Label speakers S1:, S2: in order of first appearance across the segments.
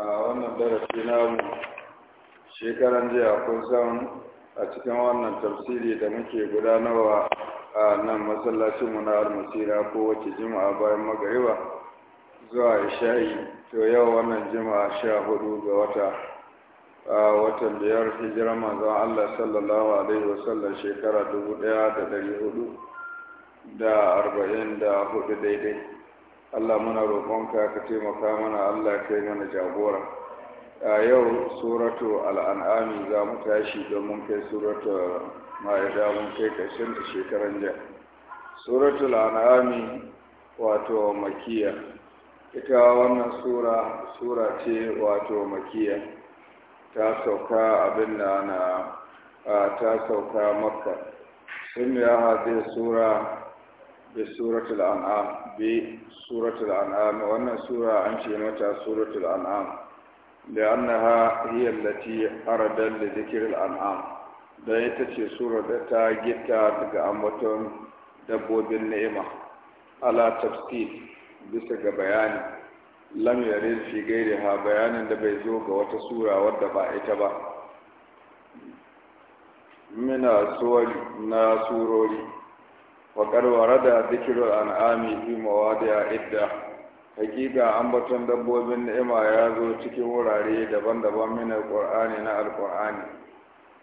S1: a wannan darasi namu shekaran jiya kun san a cikin wannan tafsiri da muke gudanarwa a nan masallacinmu na almasira ko wace jima'a bayan magariba zuwa ishayi to yau wannan jima'a sha hudu ga wata a watan biyar hijirar manzon Allah sallallahu alaihi wasallam shekara dubu ɗaya da ɗari hudu da arba'in da hudu daidai Allah muna roƙonka ka taimaka mana Allah ka yi mana jagora a yau suratu al'an'ami za mu tashi don mun kai suratu ma'ida mun kai ƙarshen da shekaran jiya suratu al'an'ami wato makiya ita wannan sura sura ce wato makiya ta sauka abin da na ta sauka makka sun ya haɗe sura bi suratul an'am bi suratul an'am wannan sura an ce mata suratul an'am لأنها هي التي أرد لذكر an'am da ita ce sura da ta gita daga ambaton dabbobin ni'ima ala tafsir bisa ga bayani lam yarid fi ha bayanin da bai zo ga wata sura wadda ba ita ba mina suwari na surori faƙar warada zikirul an'ami fi mawadi'a idda hakika ambaton dabbobin ni'ima ya zo cikin wurare daban-daban min ƙur'ani na Alƙur'ani.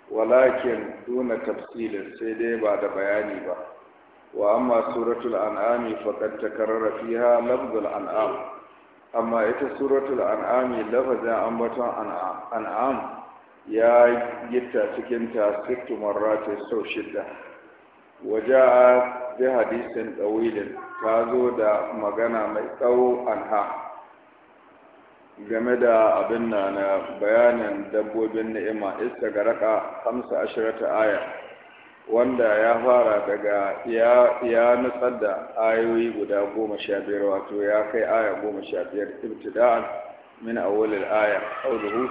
S1: walakin duna tafsilin sai dai ba da bayani ba wa amma suratul an'ami faqad takarrara fiha lafzul an'am amma ita suratul an'ami lafazin ambaton an'am ya gitta cikin ta sittu marrati sau shidda waja'a bi hadisin ɗawilin ta zo da magana mai tsawo anha game da abin na na bayanin dabbobin ni'ima isa ga raka hamsa ashirata aya wanda ya fara daga ya nutsar da ayoyi guda goma sha biyar wato ya kai aya goma sha biyar ibtida'an min awwalil aya qawluhu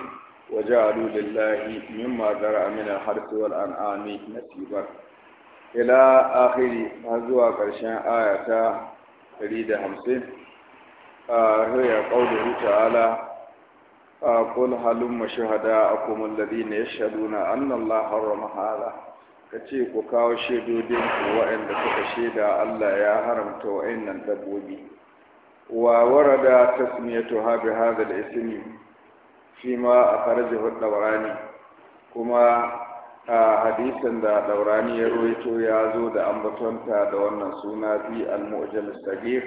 S1: wa ja'alu lillahi mimma zara'a min al-harthi wal an'ami nasibar ila akhiri har zuwa ƙarshen aya ta 150 a hiya qawluhu ta'ala qul halumma shuhada'akum alladhina yashhaduna anna allaha harrama Ka kace ku kawo shaidodin ku waɗanda suka shaida Allah ya haramta wa'annan dabbobi wa warada tasmiyatuha bi hadha da ism fi ma akhrajahu ad-dawrani kuma a hadisin da daurani ya roito ya zo da ambatonta da wannan suna bi al-mu'jal sagir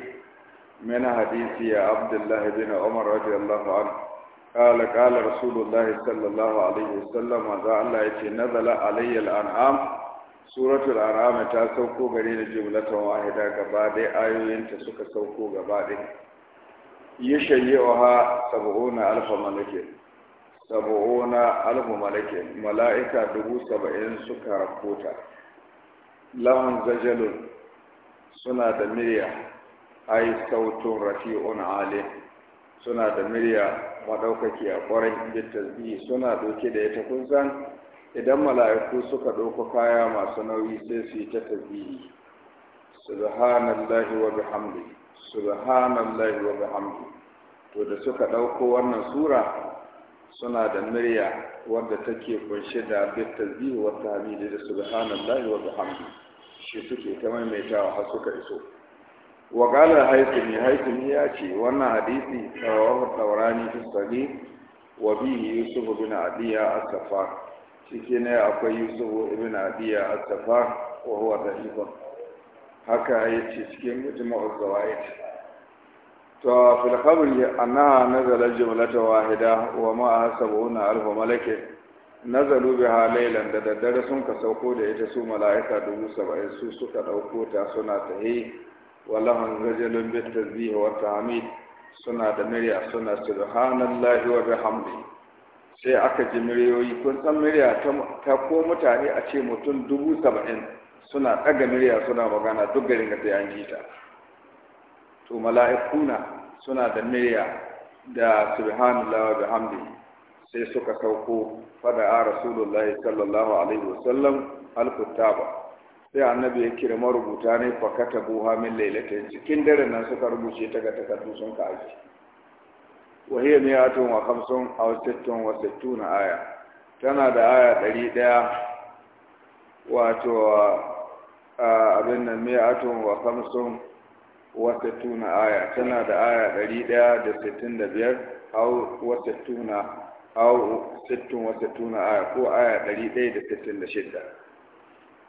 S1: min hadisi ya abdullah bin umar radiyallahu anhu قال قال رسول الله صلى الله عليه وسلم ذا الله يتي نزل علي الانعام سورة الانعام تا سوكو غري جملة واحدة غبا دي ايوين تا سوكا سوكو غبا دي يشيعها 70000 ملكين sabu'una alfu malakin mala'ika dubu saba'in suka rakota lahun zajalun suna da murya ai sautun rafi'un alim suna da murya maɗaukaki a ƙwarai da tasbihi suna ɗauke da ita kun idan mala'iku suka ɗauko kaya masu nauyi sai su yi ta tasbihi subhanallahi wa bihamdi subhanallahi wa bihamdi to da suka ɗauko wannan sura suna da murya wadda take kunshe da bittazi wata tahmidi da subhanallahi wa bihamdi shi suke ta maimaitawa har suka iso wa qala haythimi haythimi ya ce wannan hadisi tawahu tawrani fi sahih wa bihi yusuf bin adiya as-safar shike ne akwai yusuf ibn adiya as safa wa huwa haka yace cikin mutum zawait to fil khabri annaha nazala jumlatan wahida wa ma sabuna alf malaka nazalu biha laylan da daddare sun ka sauko da ita su mala'ika dubu saba'in su suka dauko ta suna tahi walahun rajulun bit tasbih wa tahmid suna da murya suna subhanallahi wa bihamdi sai aka ji muryoyi kun san murya ta ko mutane a ce mutum dubu saba'in suna ɗaga murya suna magana duk garin ga sai an ji ta to mala'ikuna suna da niyya da subhanallah wa bihamdi sai suka sauko fada a rasulullahi sallallahu alaihi wasallam alkutaba sai annabi ya kira marubuta ne fakata buha min lailatin cikin dare nan suka rubuce ta ga takardu sun ka aji wa hiya mi'atun wa khamsun aw sittun wa sittuna aya tana da aya ɗari ɗaya a abin nan mi'atun wa khamsun wata tuna aya tana da aya ɗari ɗaya da sittin da biyar au wata tuna au sittin wata tuna aya ko aya ɗari ɗaya da sittin da shidda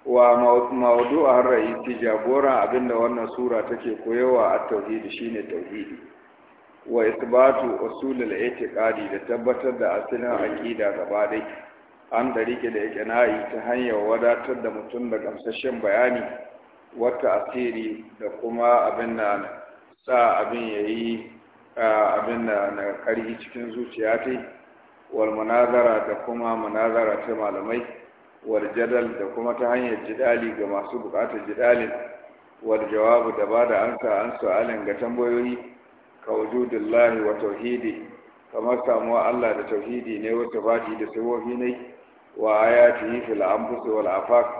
S1: wa mawudu a ra'ayi jagora abinda wannan sura take koyowa a tauhidi shine tauhidi wa isbatu usulul itiqadi da tabbatar da asalin aqida gaba dai an darike da iqna'i ta hanyar wadatar da mutum da gamsashen bayani wata asiri da kuma abin na sa abin ya yi abin na na karhi cikin zuciya ta wal munazara da kuma munazara ta malamai wal jadal da kuma ta hanyar jidali ga masu bukatar jidalin wal jawabu da bada ansa an su'alin ga tambayoyi ka wujudillahi wa tauhidi kamar samuwa Allah da tauhidi ne wata fadi da siwofi ne wa ayatihi fil anfus wal afaq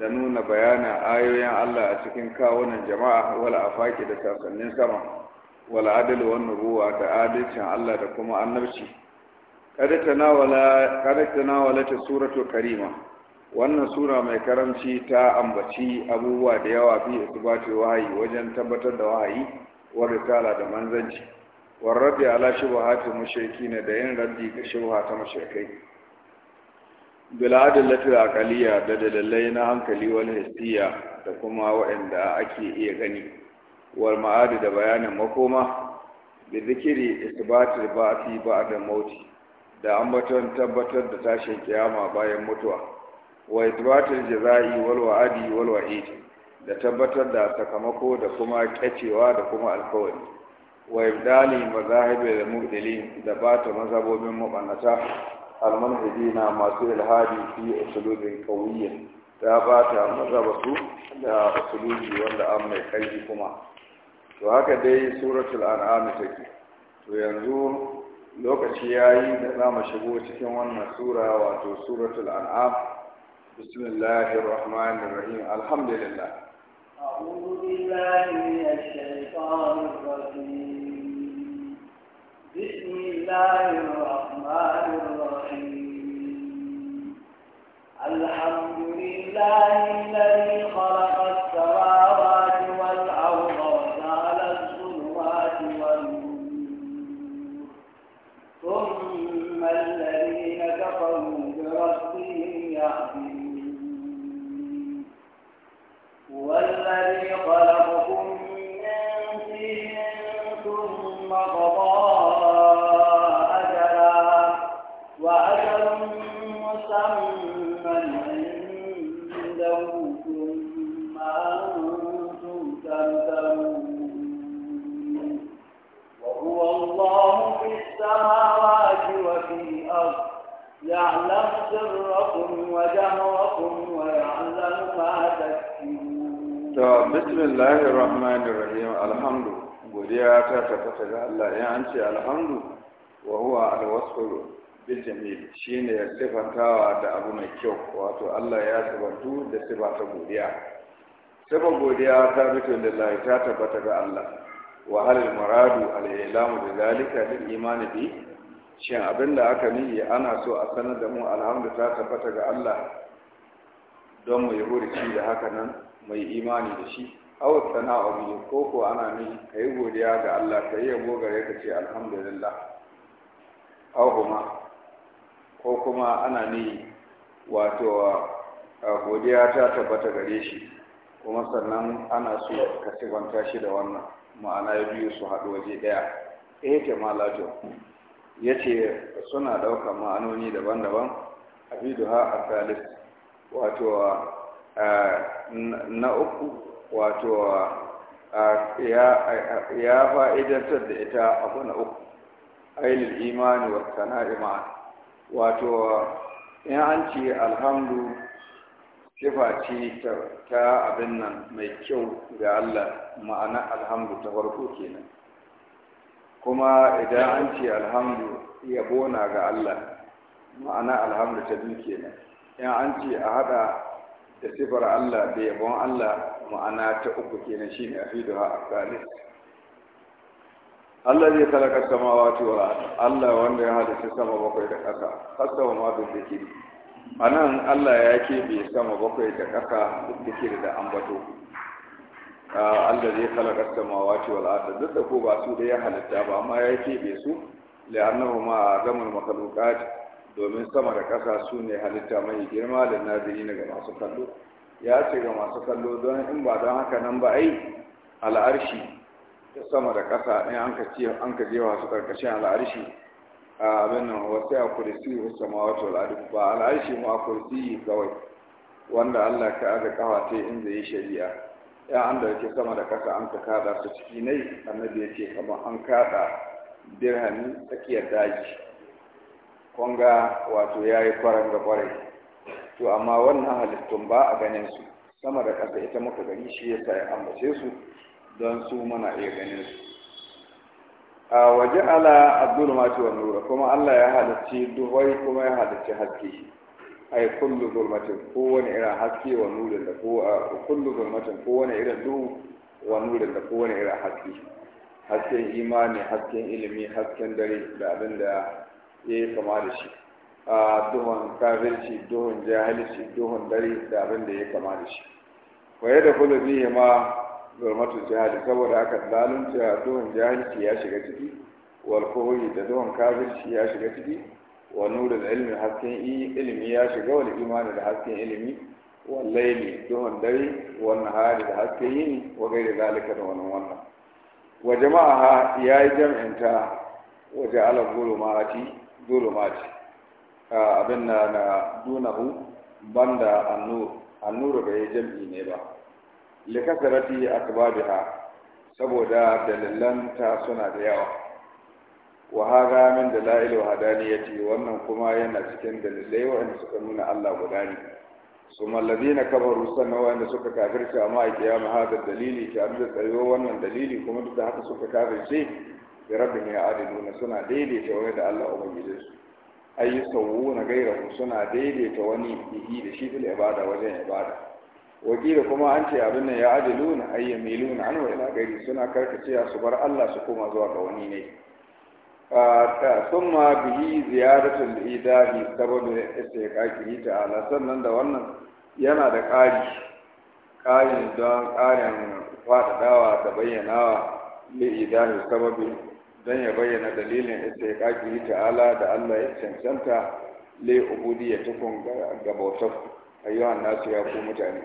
S1: da nuna bayanin ayoyin Allah a cikin kawunan jama'a wal afaki da sasannin sama wal adil wan nubuwa da adalcin Allah da kuma annabci kada tanawala kada ta suratu karima wannan sura mai karamci ta ambaci abubuwa da yawa fi isbati wahayi wajen tabbatar da wahayi wa risala da manzanci warrabi ala shubahati mushrikin da yin raddi ga shubuha ta mushrikai bil'adillatu aqaliya da dalilai na hankali wal hissiya da kuma waɗanda ake iya gani wal ma'ad da bayanin makoma da zikiri isbatu ba'ati ba'da mauti da ambaton tabbatar da tashin kiyama bayan mutuwa wa isbatul jazai wal wa'adi wal wa'id da tabbatar da sakamako da kuma kacewa da kuma alkawari wa ibdali mazahibil mu'dilin da bata mazabobin mabannata almanhajina masu ilhadi fi usulubin kawiyyin ta bata ba su da usulubi wanda an mai karfi kuma to haka dai suratul an'am take to yanzu lokaci yayi da za mu shigo cikin wannan sura wato suratul an'am bismillahir rahmanir rahim alhamdulillah
S2: أعوذ بالله من الشيطان الرجيم بسم الله الرحمن الرحيم الحمد لله الذي يعلم سركم وجهركم ويعلم ما
S1: تكتمون بسم الله الرحمن الرحيم الحمد godiya ta tabbata ga Allah ya an ce alhamdu wa huwa alwasfu bil jamil shine sifantawa da abu mai kyau wato Allah ya sifantu da sifa ta godiya sifa godiya ta fito lillahi ta tabbata ga Allah wa halil muradu al-ilamu bi zalika lil imani bi shin abin da aka nihi ana so a sanar da mu alhamdu ta tabbata ga Allah don mu yi hurici da haka nan mai imani da shi aw sana'a bi ko ko ana ni, kai godiya ga Allah kai yabo gare ka ce alhamdulillah aw kuma ko kuma ana ni wato godiya ta tabbata gare shi kuma sannan ana so ka sifanta shi da wannan ma'ana biyu su haɗu waje ɗaya eh ke malato ya ce suna ɗaukar ma'anoni daban-daban abiduha a salis wato na uku wato ya fa'idantar da ita abu na uku ainihin imani wa sana'i wato in an ce alhamdu sifa ce ta abin nan mai kyau ga Allah ma'ana alhamdu ta farko kenan kuma idan an ce alhamdu yabo na ga Allah ma'ana alhamdu ta biyu kenan in an ce a hada da sifar Allah da yabon Allah ma'ana ta uku kenan shi ne shine ha akalis Allah zai kalaka samawati wa Allah wanda ya halitta sama bakwai da ƙasa wa ma da A anan Allah ya keɓe sama bakwai da ƙasa duk zikiri da ambato Allah zai halaka samawati wal arda duk da ko ba su da ya halitta ba amma ya be su annahu ma gamul makhluqat domin sama da ƙasa su ne halitta mai girma da naziri ga masu kallo ya ce ga masu kallo don in ba don haka nan ba ai al'arshi da sama da ƙasa in an ka ce an ka je wasu karkashin al'arshi a abin nan wasu a kursi wasu samawati wal arda ba al'arshi mu akuri kursi kawai wanda Allah ka arzikawa ta in zai shari'a ya an da yake sama da kasa an ka kada su ciki nai annabi ya ce an kada dirhami tsakiyar daji kwanga wato ya yi kwaran da kwarai to amma wannan halittun ba a ganin su sama da kasa ita muka gani shi ya sa ya ambace su don su mana iya ganin su a waje ala abdul mati wa nura kuma allah ya halicci duhai kuma ya halicci haske ay kullu zulmatin wani irin haske wa nurin da ko kullu zulmatin wani irin duhu wa nurin da wani irin haske hasken imani hasken ilimi hasken dare da abin da ya yi kama da shi a duhun kafirci duhun jahilci duhun dare da abin da ya yi kama da shi waye da kullu bihi ma zulmatul jahili saboda haka zalunta duhun jahilci ya shiga ciki wal da duhun kafirci ya shiga ciki wa nurul ilmi hasken ilimi ya shiga wal imani da hasken ilimi wal layli duhun dare wal nahari da hasken yini wa gairi zalika da wannan wannan wa jama'a ya yi jam'inta wa ja'ala zulumati zulumati abin na na dunahu banda annur annur bai jam'i ne ba likasarati akbabiha saboda dalilanta suna da yawa wa da min dalail wa hadaniyati wannan kuma yana cikin dalilai wanda suka nuna Allah guda ne suma kabar kafaru sannan wanda suka kafirce amma a kiyama mahadar dalili ta da tsayo wannan dalili kuma duk da haka suka kafirce bi rabbihim ya'diluna suna daidaita wani da Allah ubangijin su ay na ghayrahu suna daidaita wani bihi da shi fil ibada wajen ibada wakila kuma an ce abin nan ya adiluna ay yamiluna an wa gari suna karkacewa su bar Allah su koma zuwa ga wani ne sun ma bihi ziyaratul idahi saboda istiqaqi ta'ala sannan da wannan yana da ƙari ƙarin don ƙarin faɗaɗawa da bayyanawa li idahi sababi don ya bayyana dalilin istiqaqi ta'ala da Allah ya cancanta li ubudiyyatukum ga bautar ayyuhan nasu ya ku mutane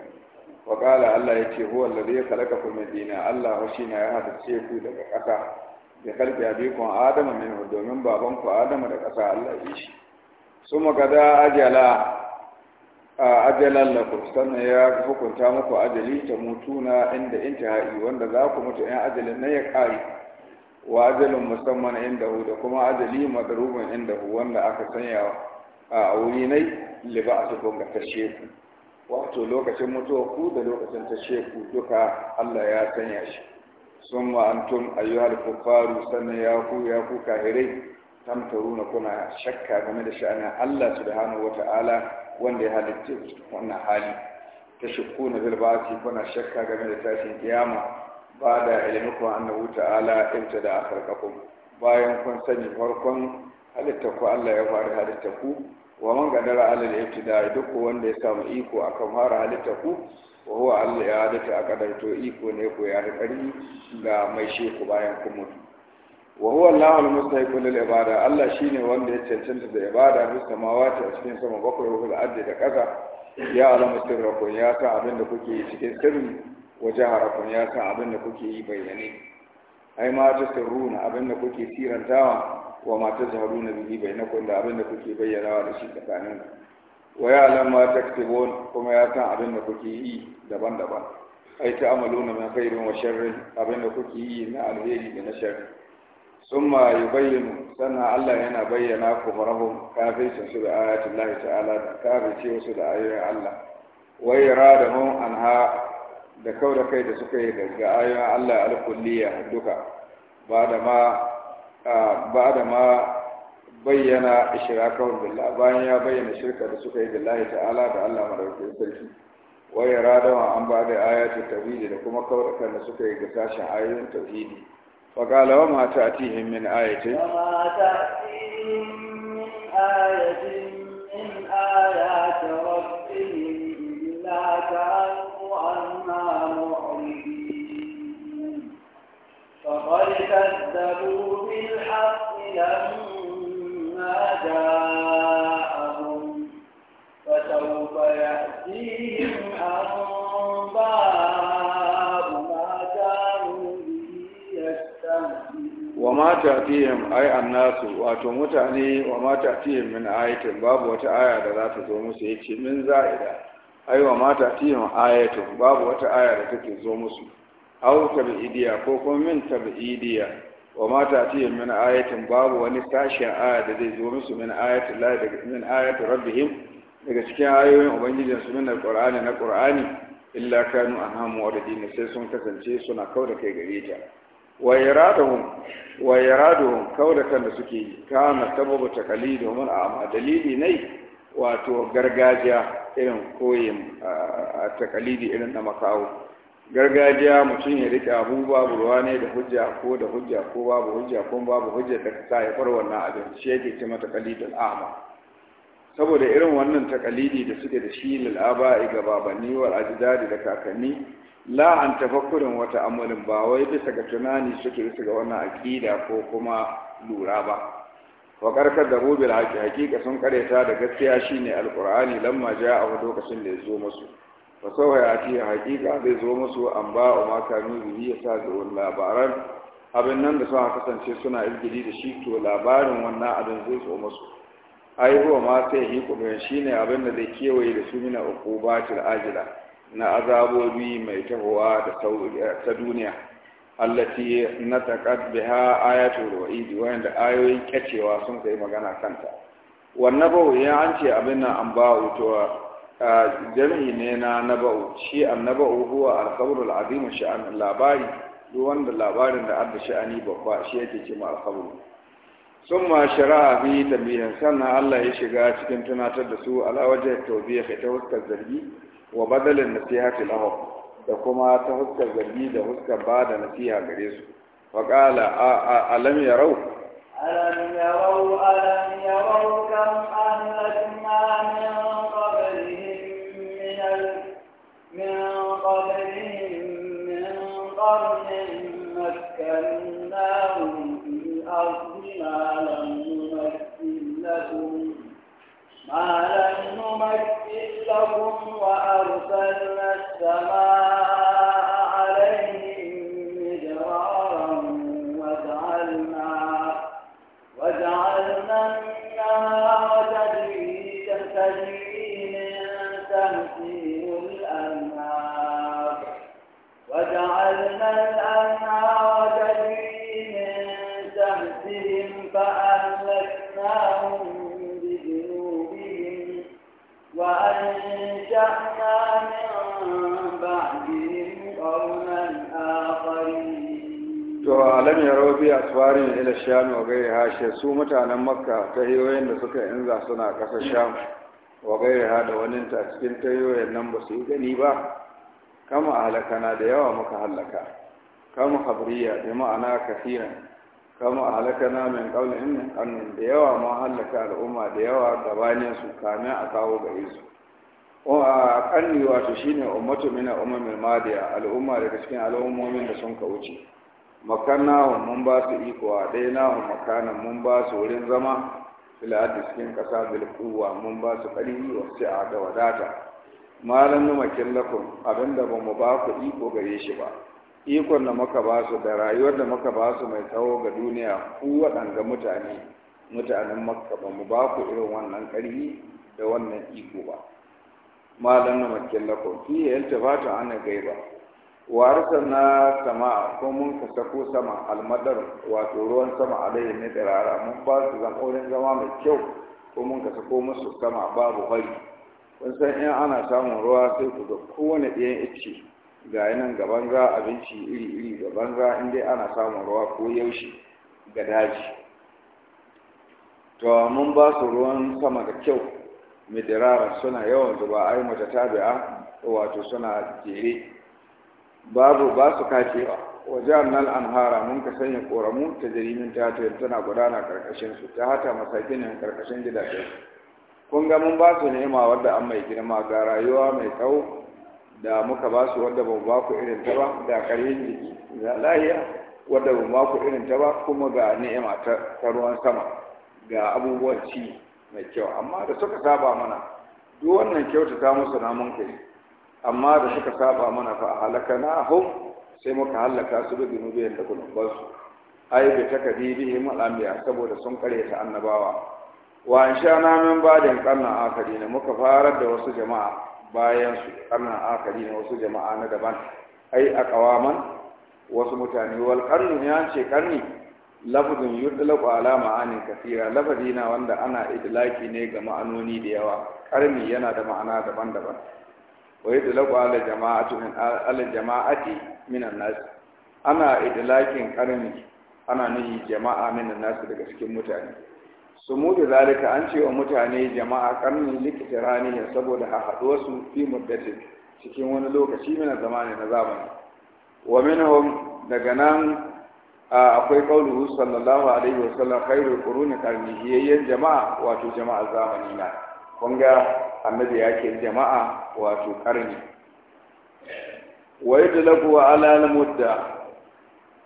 S1: wa qala Allah yace huwa alladhi khalaqakum min dina Allah shi ne ya hadace ku daga ƙasa da kalbi abikun adama min domin baban ku adama da ƙasa Allah yi shi su magada ajala a ajalan lakum sannan ya hukunta muku ajali ta na inda intihai wanda za ku mutu yan ajalin na ya ƙari wa ajalin musamman inda hu da kuma ajali madarubin inda hu wanda aka sanya a wuri nai liba a cikin ga tashe ku wato lokacin mutuwa ku da lokacin tashe ku duka Allah ya sanya shi sun ma'antum ayyuhal kufaru sannan ya ku ya ku kahirai tamtaruna kuna shakka game da sha'anin Allah subhanahu wata'ala wanda ya halitta wannan hali ta shukku na bilbati kuna shakka game da tashin kiyama ba da ilmikun annahu ta'ala ibta da akharkakum bayan kun sani farkon halitta ku Allah ya fara halitta ku wa man gadara al-ibtida'i duk wanda ya samu iko akan fara halitta ku wa huwa Allah ya halitta a kadarto iko ne ko ya rikari ga mai sheku bayan ku mutu wa huwa Allah al-mustahiqu lil ibada Allah shine wanda ya cancanta da ibada bis samawati a cikin sama bakwai ko da ardi da kaza ya alama sirrakum ya san abin da kuke yi cikin sirri wa harakun ya san abin da kuke yi bayyane ai ma ta sirruna abin da kuke sirantawa wa mata jaharu na bihi bai na kun abin da kuke bayyanawa da shi tsakanin ku wa ya alama ta kuma ya san abin da kuke yi daban-daban ai ta amalu na min khairin wa sharrin abin da kuke yi na alheri da na sharri summa yubayyinu sannan Allah yana bayyana ku marahum kafin su da ayatul lahi ta'ala da kafirce wasu da ayoyin Allah wa iradahum anha da kau da kai da suka yi daga ayoyin Allah al a duka ba da ma ba da ma bayyana ishrakahum billah bayan ya bayyana shirka da suka yi billahi ta'ala da Allah madaukakin sarki wa yaradawa an ba da ayati tauhidi da kuma kawarkan da suka yi ga sashen ayoyin tauhidi fa qala wa ma ta'tihim min ayatin ma
S2: ta'tihim min ayatin min ayati rabbihim illa ka'annu فقد كذبوا بالحق لما جاءهم فسوف يأتيهم أنباء ما كانوا به يستهزئون وما
S1: تأتيهم أي الناس واتمتعني وما تأتيهم من آية باب وتآية لا تزوم سيتي من زائدة أي وما تأتيهم آية باب وتآية تكزوم سيتي aw tab'idiya ko kuma min tab'idiya wa ma ta'ti min ayatin babu wani sashen aya da zai zo musu min ayatin la daga min ayatin rabbihim daga cikin ayoyin ubangijin su min alqur'ani na qur'ani illa kanu anhamu wa radina sai sun kasance suna kauda kai gare ta wa iradahum wa iraduhum kaulatan da suke yi kana sababu taqalidihum amma dalili ne wato gargajiya irin koyin a takalidi irin na makawo gargajiya mutum ya rike abu babu ruwa ne da hujja ko da hujja ko babu hujja ko babu hujja da ka sa ya far wannan abin shi yake ce mata qalidul a'ma saboda irin wannan takalidi da suke da shi lil aba'i ga babanni wal ajdadi da kakanni la an tafakkurin wata amalin ba wai bisa ga tunani suke bisa ga wannan aqida ko kuma lura ba wa karkar da rubil haqiqa sun kareta da gaskiya shine alqur'ani lamma ja'a lokacin da ya zo musu fa sawa ya ce hakika zai zo musu an ba a makanu bihi ya sa labaran abin nan da suka kasance suna ilgiri da shi to labarin wannan abin zai zo musu ai huwa ma sai yi shi ne abin da zai kewaye da su mina uqubatil ajila na azabobi mai tahowa da ta duniya allati nataqat biha ayatul wa'id wanda ayoyin kyacewa sun kai magana kanta wannan bawo ya an ce abin nan an ba to jami'i ne na naba'u shi annaba'u huwa alkhabarul azim sha'an labari duk wanda labarin da adda sha'ani babba shi yake ce ma alkhabaru sun ma shari'a fi tambihin sannan Allah ya shiga cikin tunatar da su alawajar ya ta huskar zargi wa badalin nasihati lahu da kuma ta huskar zargi da huskar ba da nasiha gare su wa qala alam yarau
S2: alam yarau alam yarau kam ahlakna min مكناهم في الأرض ما لم نمكن لكم ما لم نمكن لكم وأرسلنا السماء
S1: ashe su mutanen makka ta hiyoyin da suka inza suna ƙasar sham wa gairaha da wani ta cikin hiyoyin nan ba su yi gani ba kama halakana da yawa muka halaka kama habriya da ma'ana kafiran kama halakana min ƙaunin innin ƙannin da yawa ma halaka al'umma da yawa gabanin su kame a kawo gare su a ƙarni wato shine ummatu mina al'ummar madiya al'umma daga cikin al'ummomin da sun ka wuce makannahu mun ba su iko a ɗaya nahu makanan mun ba su wurin zama filadi cikin bil bilkuwa mun ba su ƙarfi ce a da wadata malam numakin lakun abinda ba mu ba ku iko gare shi ba ikon da muka ba su da rayuwar da muka ba su mai tsawo ga duniya ku ga mutane mutanen makka ba mu ba ku irin wannan ƙarfi da wannan iko ba malam numakin lakun fiye yalta ba ta ana gaiba warisa na sama ko mun ka sako sama almadar wato ruwan sama alaihi ne tsirara mun ba su zankorin zama mai kyau ko mun ka sako musu sama babu hari kun san in ana samun ruwa sai ku ga kowane ɗayan ice ga yanan gaban za abinci iri iri gaban za in dai ana samun ruwa ko yaushe ga daji to mun ba su ruwan sama da kyau mai midirara suna yawan zuba ai mata tabi'a wato suna jere babu ba su kacewa wajen nan anhara mun ka sanya koramu ta jarimin ta tana gudana karkashin su ta hata nan karkashin gidaje kun ga mun ba su nema wadda an mai girma ga rayuwa mai tsawo da muka ba su wadda ba ba ku irin ta ba da karyin jiki da lahiya wadda ba ba ku irin ta ba kuma ga ni'ima ta ruwan sama ga abubuwan ci mai kyau amma da suka saba mana duk wannan kyautata musu namun kai amma da suka saba mana fa halakana hum sai muka halaka su da zunubiyan da gunuban su ai bi takadibihim al-anbiya saboda sun ta annabawa wa insha sha na min badin karnan akari ne muka farar da wasu jama'a bayan su karnan akari ne wasu jama'a na daban ai a kawaman wasu mutane wal karnu ya ce karni lafazin yudlaku ala ma'anin kasira lafazi na wanda ana idlaki ne ga ma'anoni da yawa karni yana da ma'ana daban-daban wa yudlaqu ala jama'atu min ala jama'ati minan nas ana idlakin karni ana nuni jama'a minan nas daga cikin mutane su mu da zalika an ce wa mutane jama'a karni ne saboda haɗuwar su fi muddatin cikin wani lokaci mina zamani na zamani wa minhum daga nan akwai kauluhu sallallahu alaihi Wasallam, sallam khairul quruni qarni yayyan jama'a wato jama'a zamani na kun ga annabi ya ke jama'a wato karni wa yadlaku ala al-mudda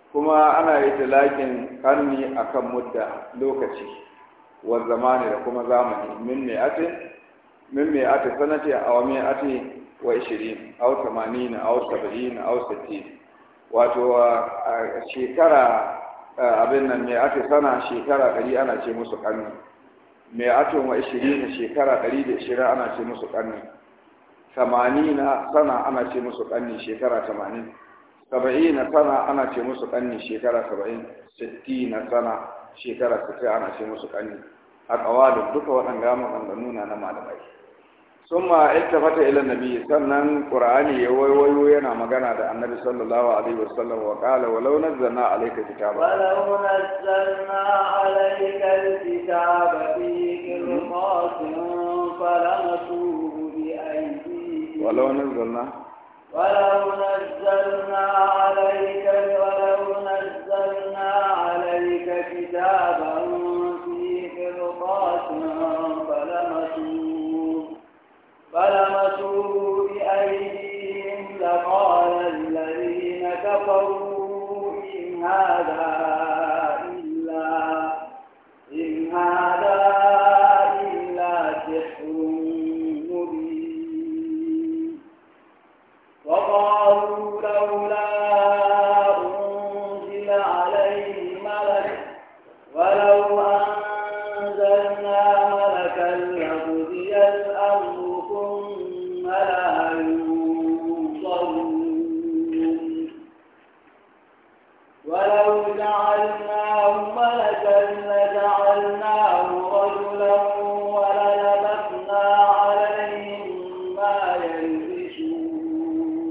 S1: kuma ana yi dalakin karni akan mudda lokaci wa zamani da kuma zamani min me ate min me ate sanati aw me ate wa 20 au 80 au 70 au 60 wato shekara abin nan me ate sana shekara ɗari ana ce musu karni mai atin wa ishirin shekara ɗari da ishirin ana ce musu ƙanni na sana ana ce musu ƙanni shekara tamanin na sana ana ce musu ƙanni shekara saba'in na sana shekara sittin ana ce musu ƙanni a ƙawalin duka waɗanda ya maganganu na na malamai ثم التفت الى النبي صلى الله عليه وسلم قراني يوي وي وي النبي صلى الله عليه وسلم وقال ولو نزلنا عليك كتابا
S2: ولو نزلنا عليك الكتاب في قرطاس فلمسوه بايديهم ولو نزلنا ولو نزلنا عليك ولو نزلنا عليك كتابا في قرطاس فلمسوا بأيديهم لقال الذين كفروا إن هذا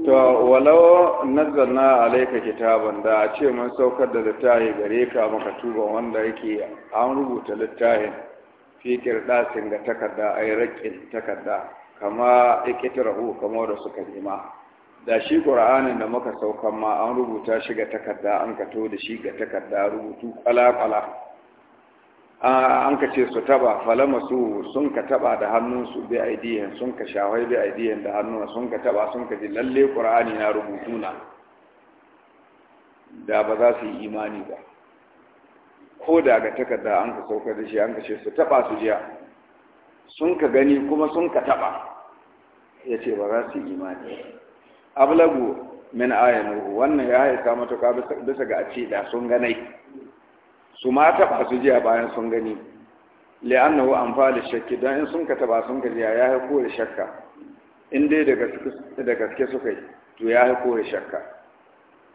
S1: to walau nazzalna alayka kitaban da a ce mun saukar da littafi gare ka maka tuba wanda yake an rubuta littafin fikir kirdasin ga takarda ay rak'in takarda kama ikitirahu kama da suka nema da shi qur'anin da muka saukan ma an rubuta shi ga takarda an kato da shi ga takarda rubutu kala kala an ka ce su taba falama su sun ka taba da hannunsu bi aidiyan sun ka shawai bi aidiyan da hannuna sun ka taba sun ka ji lalle qur'ani na rubutu na da ba za su yi imani ba ko da ga takarda an ka saukar da shi an ka ce su taba su jiya sun ka gani kuma sun ka taba ya ce ba za su yi imani ablagu min ayanu wannan ya haika matuka bisa ga a ce da sun ganai su ma taɓa su jiya bayan sun gani li'annahu amfalu shakki don in sun ka ba sun ka jiya ya da shakka in dai da gaske suka yi to ya ko da shakka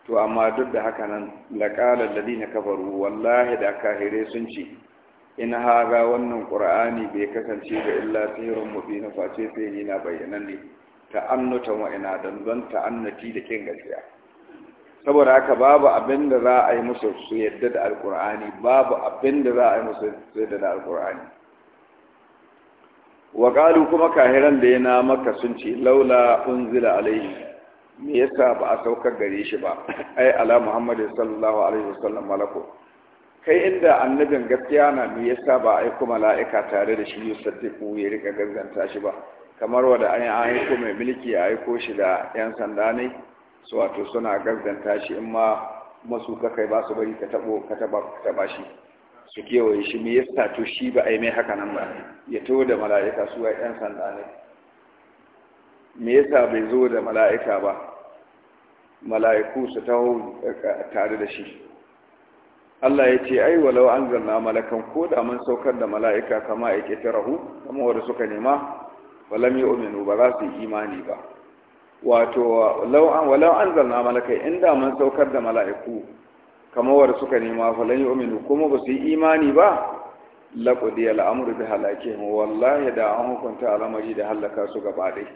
S1: to amma duk da haka nan laƙalar na kafaru wallahi da kahire sun ce in haga wannan ƙura'ani bai kasance da illa sihirin mubina face sai na bayyanan ne ta'annutan wa'ina don ta'annati da kin gaskiya saboda haka babu abin da za a yi musu su yadda da alkur'ani babu abin da za a yi musu su yadda da alkur'ani wa kuma kahiran da ya yana maka sun ce laula unzila alaihi me yasa ba a saukar gare shi ba ai ala muhammad sallallahu alaihi wasallam malako kai inda annabin gaskiya na me yasa ba a kuma la'ika tare da shi saddiku ya rika ganganta shi ba kamar wanda an yi aiko mai mulki a aiko shi da yan sanda ne su wato suna gazdanta shi in ma masu kakai ba su bari ka tabo ka taba ka taba shi su kewaye shi me yasa to shi ba ai mai haka nan ba ya to da mala'ika su wai ɗan sanda ne me yasa bai zo da mala'ika ba mala'iku su taho eh, tare da shi Allah ya ce ai walau an zanna malakan ko da mun saukar da mala'ika kama ya tarahu kamar wanda suka nema walam yu'minu ba za su yi imani ba wato walau an zalna malakai inda mun saukar da mala'iku kamar suka nema falan yi ominu kuma ba su yi imani ba laƙudi al'amuru da halake wallahi da an hukunta al'amari da hallaka su gaba ɗai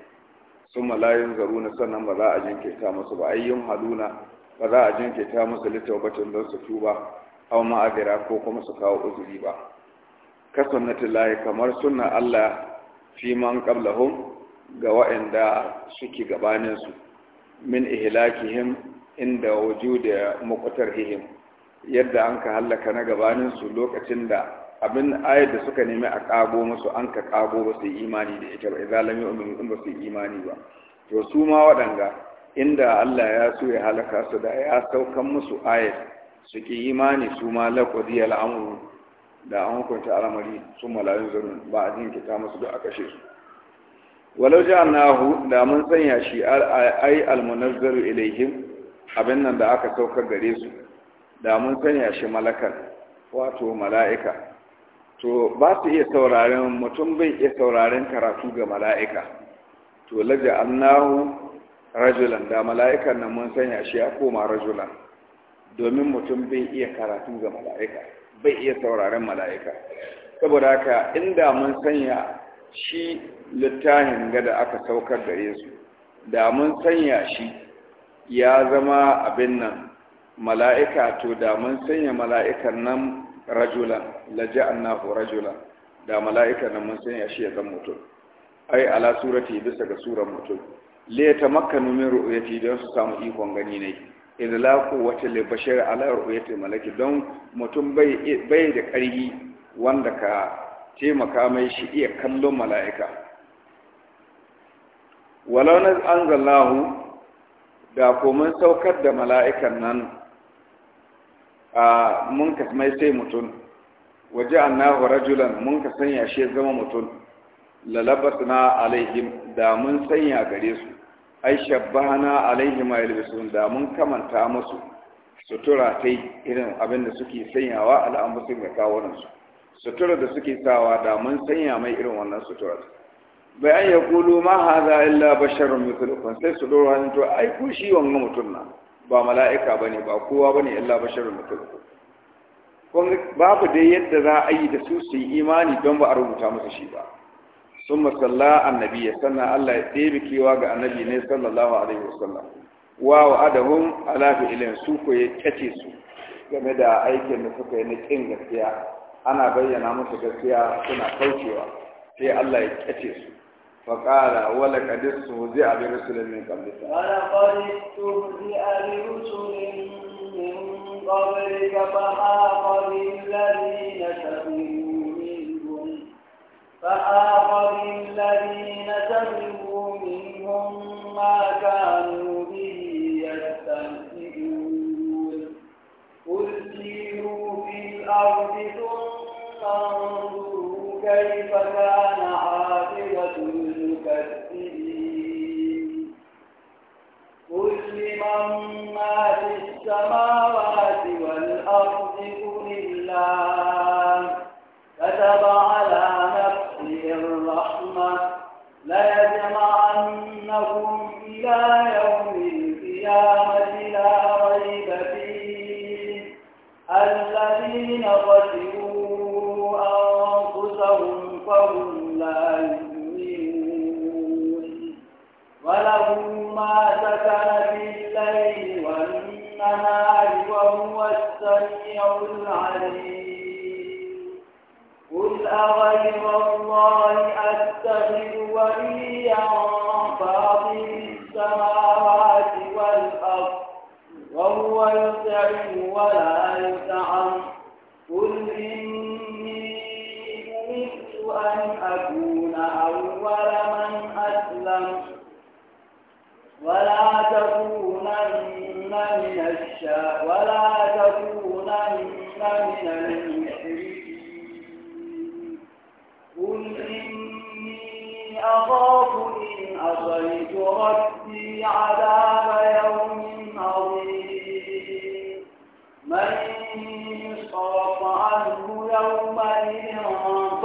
S1: sun malayin zaru na sannan ba za a jinkirta musu ba ayyun haluna ba za a jinkirta musu littaubatun don su tuba hau ma'adira ko kuma su kawo uzuri ba ka sunnatullahi kamar sunna allah fi man qablahum ga waɗanda suke gabaninsu min ihlakihim inda wujuda hihim yadda an ka hallaka na gabaninsu lokacin da abin ayat da suka nemi a kago musu an ka kago ba su imani da ita ba idan lam yu'minu in ba su imani ba to su ma waɗanda inda Allah ya so ya halaka su da ya saukan musu ayat su ki imani su ma laqadi al'amru da an hukunta al'amari su malayun zurun ba a jin jinkita musu da a kashe su walau Nahu, da mun sanya shi ai almunazzaru ilaihim abin nan da aka sauka gare su da mun sanya shi malakan wato mala'ika to ba su iya sauraren mutum bai iya sauraren karatu ga mala'ika to laja annahu rajulan da mala'ikan nan mun sanya shi ya koma rajulan domin mutum bai iya karatu ga mala'ika bai iya sauraren mala'ika saboda haka inda mun sanya shi littafin gada aka saukar da Yesu. da mun sanya shi ya zama abin nan mala'ika to da mun sanya mala'ikan nan rajulan laji annahu rajulan da mala'ikan nan mun sanya shi ya zama mutum ai ala surati bisa ga suran mutum le ta makkanu min ru'yati don su samu ikon gani ne idan la quwwata li bashar ala ru'yati malaki don mutum bai bai da karhi wanda ka taimaka mai shi iya kallon mala'ika walau na zallahu da komin saukar da mala'ikan nan a mun mai sai mutum waje annahu rajulan mun ka sanya shi zama mutum lalabas na alaihim da mun sanya gare su ai shabbana alaihim a yalbisun da mun kamanta musu sutura ta irin abin da suke sanyawa al'amusin ga kawunansu Suturar da suke sawa da mun sanya mai irin wannan suturar. bayan ya kulu ma haza illa basharun mithlukum sai su dora ni to ai ku shi wannan mutum na ba mala'ika bane ba kowa bane illa basharun mithlukum kun babu dai yadda za a yi da su su imani don ba a rubuta musu shi ba sun masalla annabi ya sanna Allah ya ɗebe kewa ga annabi ne sallallahu alaihi wasallam wa adahum ala fi'lin su ko ya kace su game da aikin da suka yi na kin gaskiya ana bayyana musu gaskiya suna kaucewa sai Allah ya kace su fa qala wa laqad suzi'a bi rusulin min qabli fa
S2: qala suzi'a bi rusulin min qabli ka fa qala lil ladina tabi'un fa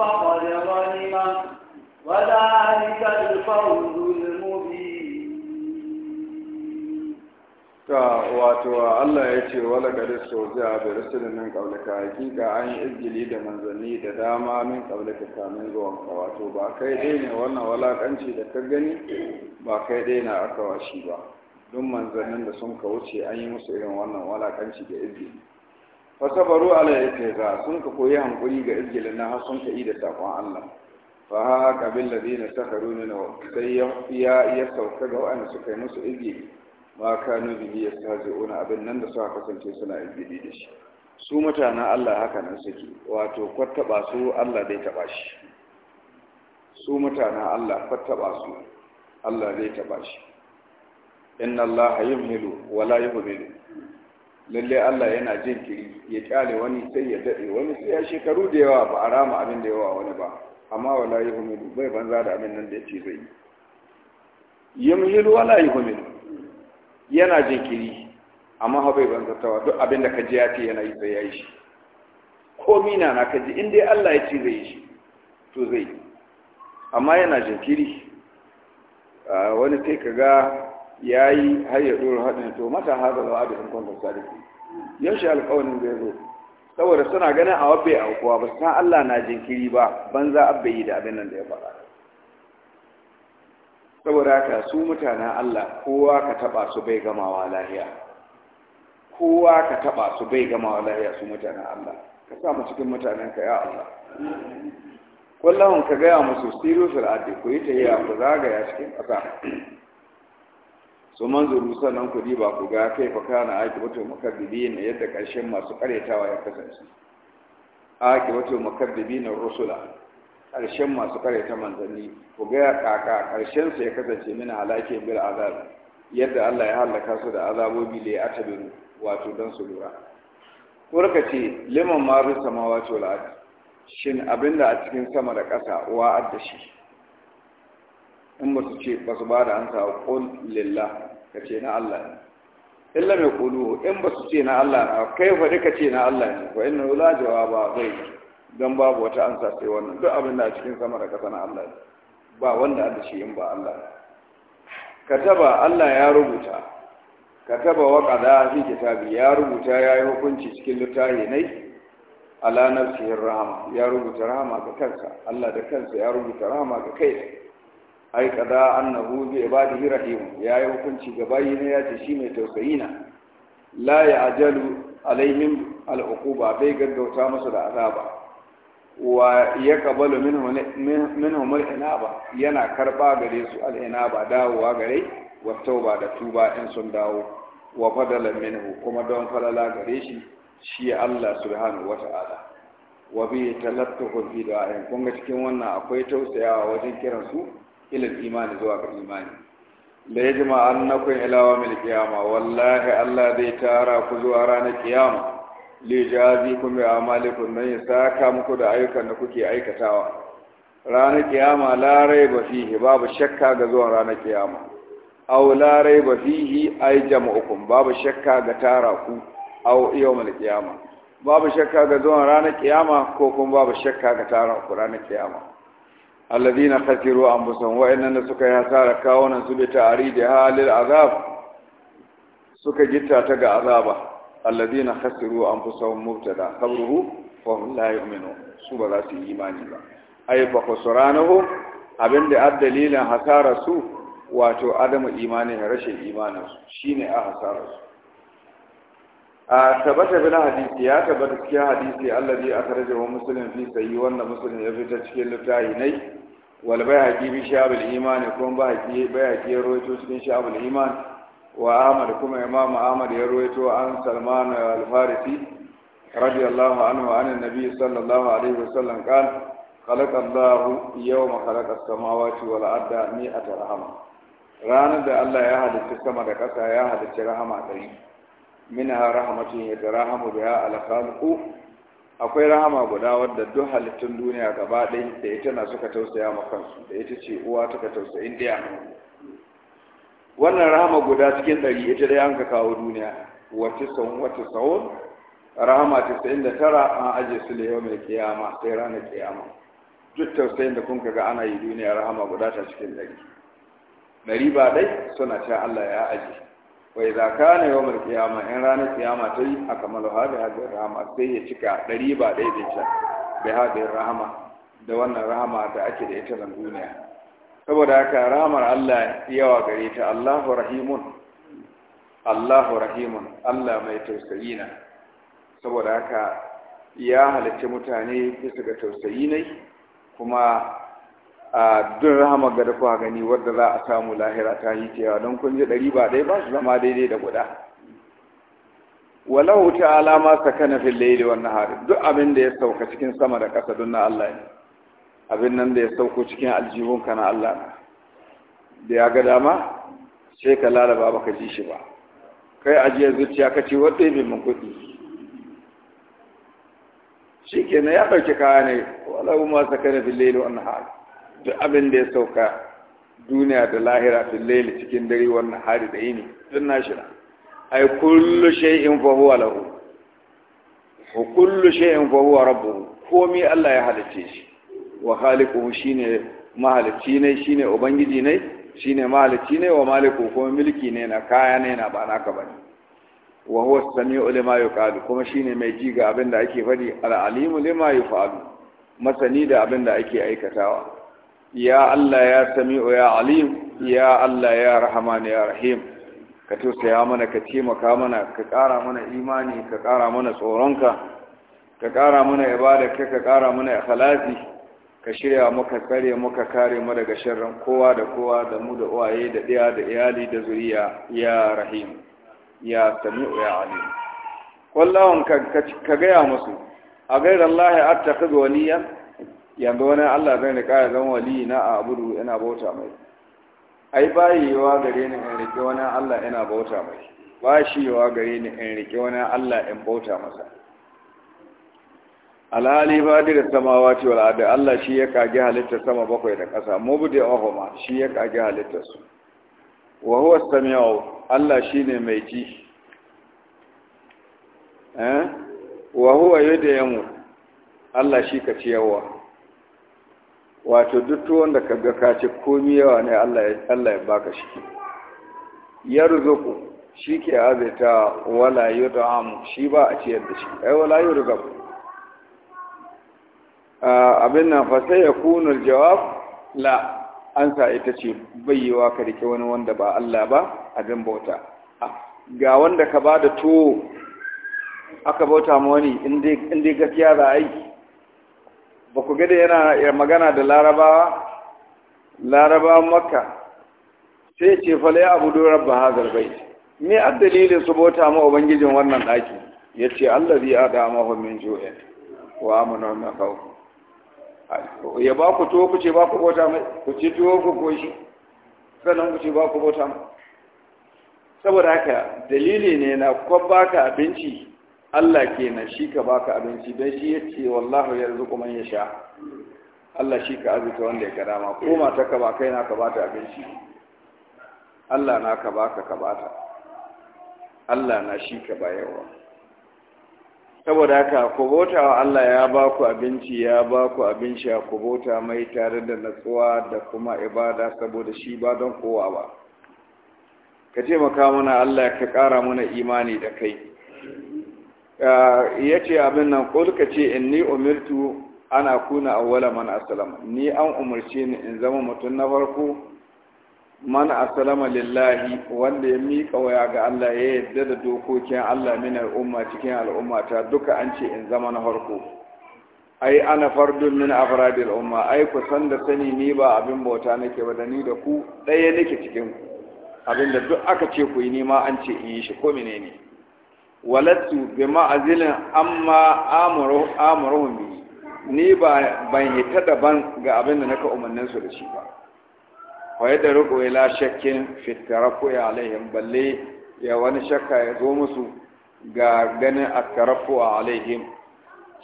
S2: فقد ظلم وذلك الفوز المبين
S1: wato Allah ya ce wala gari soja bi rusulin min qablika hakika an yi izgili da manzanni da dama min qablika kamin zuwan ka wato ba kai dai ne wannan walakanci da ka gani ba kai dai na aka washi ba duk manzannin da sun ka wuce an yi musu irin wannan walakanci da izgili fasabaru ala yake sun ka koyi hankuri ga izgilin na har sun ka yi da saƙon Allah fa ha qabil ladina sakaru ne na sai ya ya sauka ga wani suka yi musu izgili ma kanu saje ona abin nan da suka kasance suna izgili da shi su mutanen Allah haka nan suke wato kwattaba su Allah zai taba shi su mutanen Allah kwattaba su Allah zai taba shi inna Allah yumhilu wala yuhmilu lalle Allah yana jin kiri ya kyale wani sai ya dade wani sai ya shekaru da yawa ba a rama abin da yawa wani ba amma wala yuhmidu bai banza da abin nan da ce zai yi yumhilu wala yuhmidu yana jin kiri amma ha bai banza tawa duk abin da ka ji ya ce yana yi sai ya yi shi ko mina na ka ji in dai Allah ya ce zai yi shi to zai yi amma yana jin kiri ah, wani sai ka ga ya yi har ya ɗora haɗin to mata haɗa da wa'adin kwantar sadiki yaushe alƙawarin zai zo saboda suna ganin a wabbe a kuwa ba san Allah na jinkiri ba banza a bayi da abin nan da ya faɗa saboda haka su mutanen Allah kowa ka taɓa su bai gamawa lahiya kowa ka taɓa su bai gamawa lahiya su mutanen Allah ka sa mu cikin mutanen ka ya Allah kullum ka gaya musu siru fil adi ku yi ta yi ku zagaya cikin ƙasa su manzuru sannan kudi ba ku ga kai fa kana akibatu mukaddibin yadda karshen masu karetawa ya kasance aiki akibatu mukaddibin rusula karshen masu kareta manzanni ku ga kaka karshen su ya kasance mina halake bil azab yadda Allah ya halaka su da azabobi da ya atabiru wato dan su lura kurka ce liman ma bi samawati wal ard shin abinda a cikin sama da ƙasa wa adda shi in ba su ce ba su ba da sa qul lillah ka ce na Allah ne illa mai kulu in ba su ce na Allah na kai faɗi ka ce na Allah ne wa inna la jawaba zai don babu wata ansa sai wannan duk abin da a cikin sama da kasa na Allah ne ba wanda Allah shi in ba Allah ne Ka kataba Allah ya rubuta Ka kataba wa a fi kitabi ya rubuta ya yi hukunci cikin littafi ne ala nafsihi rahama ya rubuta rahama ga kansa Allah da kansa ya rubuta rahama ga kai ai kada annahu bi ibadihi rahim yayi hukunci ga bayi ne ya ce shi mai tausayi na la ya'jalu alaihim al'uquba bai gaggauta musu da azaba wa ya kabalu minhu al'inaba yana karba gare su al'inaba dawowa gare wa tauba da tuba in sun dawo wa fadala minhu kuma don falala gare shi shi Allah subhanahu wata'ala wa bi talattuhu fi da'in kun ga cikin wannan akwai tausayawa wajen kiransu. ilal imani zuwa ga imani la yajma annakum ila yawmil qiyama wallahi Allah zai tara ku zuwa ranar qiyama li jazikum bi amalikum nan ya saka muku da ayyukan da kuke aikatawa ranar qiyama la raiba fihi babu shakka ga zuwan ranar qiyama aw la raiba fihi ay jama'ukum babu shakka ga tara ku aw yawmil qiyama babu shakka ga zuwan ranar qiyama ko kuma babu shakka ga tara ku ranar qiyama alladhina khasiru anfusahum wa'annan da suka yi hasara kawunan su bi da halil azab suka gitta ta ga azaba alladhina khasiru anfusahum mubtada qabruhu fa hum la yu'minun su ba za su yi imani ba ay fa khusranuhu abinda addalilin hasara su wato adamu imani rashin imanin su shine a hasara su a tabbata bin hadisi ya tabbata cikin hadisi allazi akhrajahu muslim fi sayyi wanda muslim ya fita cikin littafi nai walbai bayhaqi bi shabul iman kuma bayhaqi bayhaqi ya rawaito cikin shabul iman wa ahmad kuma imam ahmad ya rawaito an salman al farisi radiyallahu anhu an annabi sallallahu alaihi wasallam qal khalaqa allah yawma khalaqa as-samawati wal arda mi'ata rahama ranar da Allah ya halitta sama da ƙasa ya halitta rahama ɗari minha rahmatun ya tarahamu akwai rahama guda wadda duk halittun duniya gaba ɗaya da ita na suka tausaya ma kansu da ita ce uwa suka tausayin ɗaya wannan rahama guda cikin ɗari ita dai an ka kawo duniya wata sahun wata sahun rahama tasa'in da tara an aje su da yau mai kiyama sai ranar kiyama duk tausayin da kun ga ana yi duniya rahama guda ta cikin ɗari ɗari ba dai suna cewa allah ya aje wai za ka na yau kiyama in ranar kiyama ta yi a kamar rahama sai ya cika ɗari ba ɗaya da bai haɗe rahama da wannan rahama da ake da ita nan duniya saboda haka rahamar Allah yawa gare ta Allahu rahimun Allahu rahimun Allah mai tausayi na saboda haka ya halarci mutane bisa ga tausayi ne kuma a duk rahama ga da kuwa gani wadda za a samu lahira ta yi cewa don kun ji ɗari ba ɗaya ba su zama daidai da guda walau ta alama sakana fil laili wannan hari duk abin da ya sauka cikin sama da ƙasa don na Allah ne abin nan da ya sauko cikin aljihun ka na Allah ne da ya ga dama sai ka lalaba ka ji shi ba kai ajiya zuciya ka ce wadda ya min kuɗi shi kenan ya ɗauki kaya ne walau ma sakana fil laili wannan hari duk abin da ya sauka duniya da lahira fil laili cikin dare wannan hari da yini duk nashira na ai kullu shay'in fa huwa lahu wa kullu shay'in fa huwa rabbuhu komai Allah ya halice shi wa khaliquhu shine mahalicci ne shine ubangiji ne shine mahalicci ne wa maliku kuma mulki ne na kaya ne na ba naka bane wa huwa samiu lima yuqalu kuma shine mai ji ga abin da ake fadi al alimu lima yufalu masani da abin da ake aikatawa ya Allah ya sami'u ya alim ya Allah ya rahman ya rahim ka tausaya mana ka taimaka mana ka ƙara mana imani ka ƙara mana tsoronka ka ƙara mana ibada ka ƙara mana ikhlasi ka shirya muka tsare muka kare mu daga sharrin kowa da kowa da mu da uwaye da ɗaya da iyali da zuriya ya rahim ya sami'u ya alim wallahi ka ka gaya musu a gairar Allah ya attakhidhu waliyan yanzu wani Allah zai ne ya zan wali na a abudu yana bauta mai ai yawa gare ni in rike wani Allah yana bauta mai ba shi yawa gare ni in rike wani Allah in bauta masa alhali fadir sama wace ardi Allah shi ya kage halittar sama bakwai da ƙasa a homa shi ya kage halittar su wa huwa samiu Allah shi ne mai ji eh wa huwa yamu Allah shi ka yawa. wato duk tuwon da ka ga kaci komi yawa ne Allah ya baka shi ya ruzuku shi ke azaita wala yud'am shi ba a ciyar da shi ai wala yi ruzuku abin nan fa sai ya jawab la an sa ita ce bayyewa ka rike wani wanda ba Allah ba abin bauta ga wanda ka ba da tuwo aka bauta ma wani in dai gaskiya za a yi ba ku gada yana magana da larabawa laraba makka sai ce falai abu dora ba hazar bai me a dalilin su bota ma ubangijin wannan daki ya ce allah zai a da mahu min jo'in wa amina min kawo ya ba ku tuwo ku ce ba ku bota mai ku ce tuwo ku koshi sannan ku ce ba ku bota mai saboda haka dalili ne na kwan baka abinci Allah kenan shi ka baka abinci don shi yace yanzu kuma ya sha. Allah shi ka azuta wanda ya karama ko mata ka ba kai na ka bata abinci Allah na ka baka ka bata Allah na shi ka bayarwa saboda haka ku bauta wa Allah ya ba ku abinci ya ba ku abin sha ku bauta mai tare da natsuwa da kuma ibada saboda shi ba don kowa ba ka taimaka mana Allah ka ƙara mana imani da kai Eh, ya ce abin nan ƙulka ce in ni umirtu ana kuna awwala man asalama ni an umarci ni in zama mutum na farko man asalama lillahi wanda ya mika waya ga Allah ya yarda da dokokin Allah min al'umma cikin al'ummata duka an ce in zama na farko ai ana fardun min afradil umma ai ku san da sani ni ba abin bauta nake ba da ni da ku ɗaya nake cikin ku abin duk aka ce ku yi nima an ce in yi shi ko menene ne walattu bi ma'azilin amma amuru bi ni ba ban hita daban ga abin da naka umarnin su da shi ba wa yadda riko ila shakkin fitarafu ya alaihim balle ya wani shakka ya zo musu ga ganin atarafu a alaihim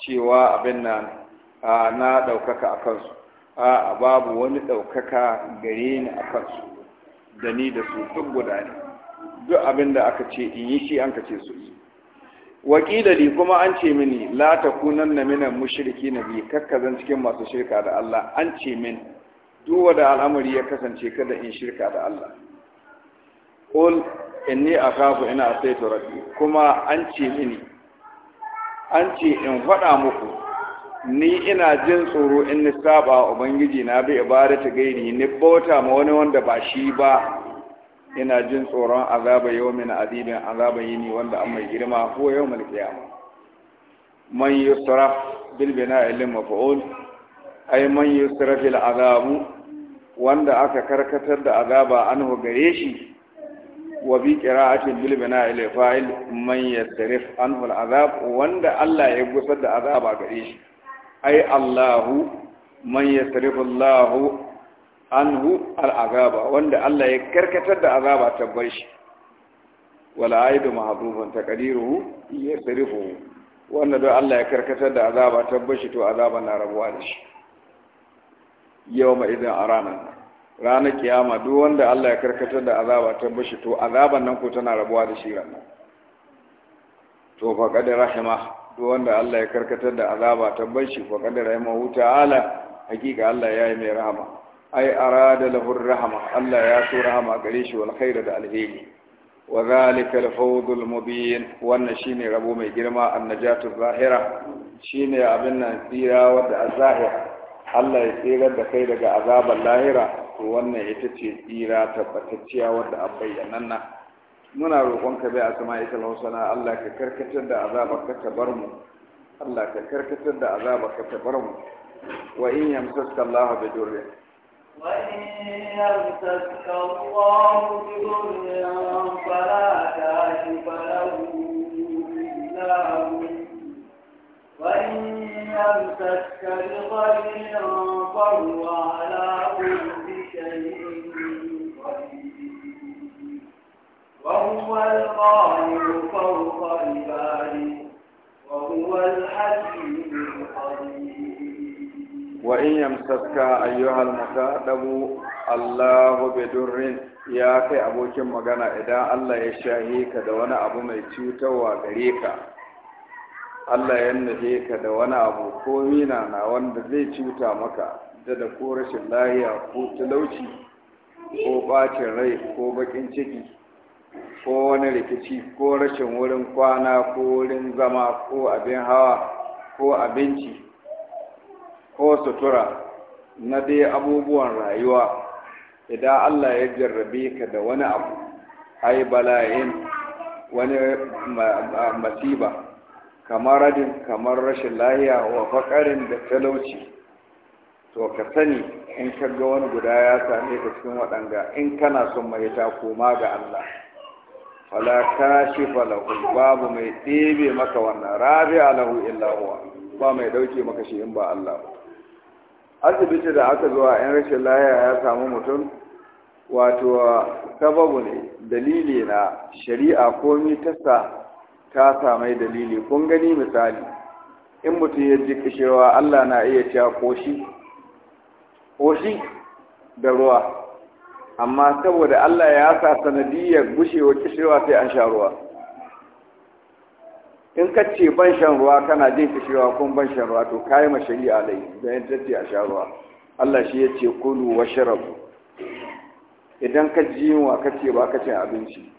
S1: cewa abin nan na ɗaukaka a kansu a babu wani ɗaukaka gare ni a kansu da ni da su duk guda ne duk abin da aka ce in yi shi an ka ce su wakila li kuma an ce mini la takunan na minan mushriki na bi kakkazan cikin masu shirka da Allah an ce min duwa da al'amari ya kasance kada in shirka da Allah qul inni akhafu ina asaitu rabbi kuma an ce mini an ce in faɗa muku ni ina jin tsoro in ni saba ubangiji na bi ta gairi ni bauta ma wani wanda ba shi ba ina jin tsoron azaba yawmin azibin azaba yini wanda an mai girma ko yawmin qiyama man yusraf bil bina'i ilin maf'ul ai man yusraf al azabu wanda aka karkatar da azaba anhu gare shi wa bi qira'atin bil ilin lil fa'il man yusrif anhu al azab wanda Allah ya gusar da azaba gare shi ai Allahu man yusrif Allahu anhu al'azaba wanda Allah ya karkatar da azaba tabbar shi wala aidu mahdufan taqdiruhu yasrifu wanda don Allah ya karkatar da azaba tabbar shi to azaba na rabuwa da shi Yau yawma idan arana ranar kiyama duk wanda Allah ya karkatar da azaba tabbar shi to azaban nan ko tana rabuwa da shi ranar to faqad rahima duk wanda Allah ya karkatar da azaba tabbar shi faqad rahimahu ta'ala hakika Allah ya yi mai rahama ai arada lahu rahama Allah ya so rahama gare shi wal khairu da alheri wa zalika al fawzul mubin wannan shine rabo mai girma annajatu zahira shine abin nan tsira wanda azahira Allah ya tsira da kai daga azabar lahira to wannan ita ce tsira tabbatacciya wanda an bayyana nan muna roƙonka bai asama ita lausana Allah ka karkatar da azabar ka ta bar mu Allah ka karkatar da azabar ka ta bar mu wa in yamsaka Allah bi durrin
S2: وإن يمسك الله بضر فلا كاشف له إلا هو وإن يمسك بخير فهو على كل شيء قدير وهو القاهر فوق عباده وهو الحكيم القدير وإن يمسسك أيها
S1: المتأدب ya بدر يا كي أبوك مغانا إذا الله يشاهيك دوانا أبو ميتيوتا وغريكا Allah ya nufe ka da wani abu ko mina na wanda zai cuta maka da ko rashin lahiya ko talauci ko bacin rai ko baƙin ciki ko wani rikici ko rashin wurin kwana ko wurin zama ko abin hawa ko abinci ko sutura na dai abubuwan rayuwa idan Allah ya jarrabe ka da wani abu ai bala'in wani masiba kamar radin kamar rashin lahiya wa faƙarin da talauci to ka sani in ka ga wani guda ya same ka cikin waɗanga in kana son ta koma ga Allah fala kashi falahu babu mai ɗebe maka wannan rabi alahu illa huwa ba mai ɗauke maka shi in ba Allah ba asibiti da aka zuwa yan rashin lahiya ya samu mutum wato sababu ne dalili na shari'a komi tasa ta samai dalili kun gani misali in mutum ya ji kishewa Allah na iya cewa koshi koshi da ruwa amma saboda Allah ya sa sanadiyar gushewa kishewa sai an sha ruwa in ka ce ban shan ruwa kana jin kishewa kun ban shan ruwa to kayi ma shari'a alai don yin tace a sha ruwa Allah shi ya ce kulu wa sharabu idan ka ji yunwa ka ce ba ka cin abinci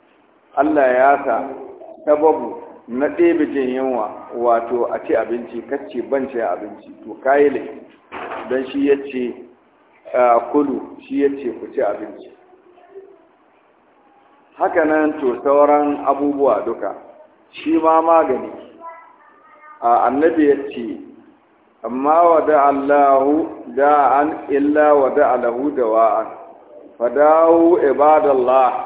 S1: Allah ya sa sababu na ɗebe jin yunwa wato a ci abinci ka ce ban cin abinci to kayi lai don shi ya ce kulu shi ya ce ku ci abinci haka nan to sauran abubuwa duka shi ma magani a annabi ya ce amma wada Allahu da'an illa wada alahu wa'an, fadawo ibadallah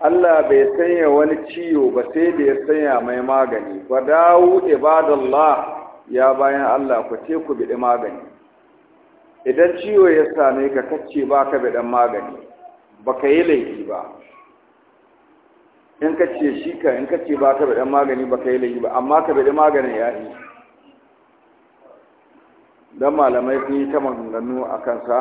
S1: Allah bai sanya wani ciwo ba sai da ya sanya mai magani fadawo ibadallah ya bayan Allah ku ce ku biɗi magani idan ciwo ya same ka kacce ba ka biɗan magani ba ka yi laifi ba in ka ce shi ka in ka ce ba ka bada magani ba ka yi layi ba amma ka bada maganin ya yi don malamai sun yi ta maganganu a kansa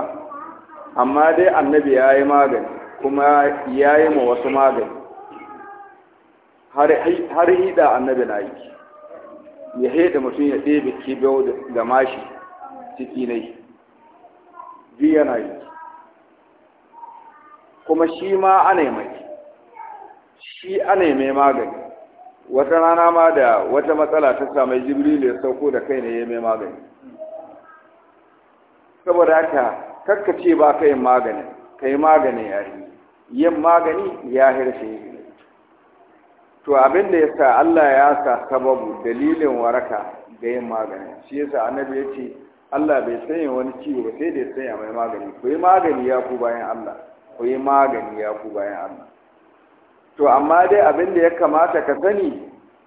S1: amma dai annabi ya yi magani kuma ya yi ma wasu magani har hida annabi na yi ya haida mutum ya ɗebe kibiyau da mashi ciki na yi biya na yi kuma shi ma ana mai shi ana mai magani wata rana ma da wata matsala ta samu jibrilu ya sauko da kai ne ya mai magani saboda haka kakkace ba ka yin magani ka yi magani ya yi yin magani ya hirshe to abin da ya sa Allah ya sa sababu dalilin waraka ga yin magani shi yasa annabi ya ce Allah bai sanya wani ciwo ba sai da ya sanya mai magani ku magani ya ku bayan Allah ku magani ya ku bayan Allah to amma dai abin da ya kamata ka sani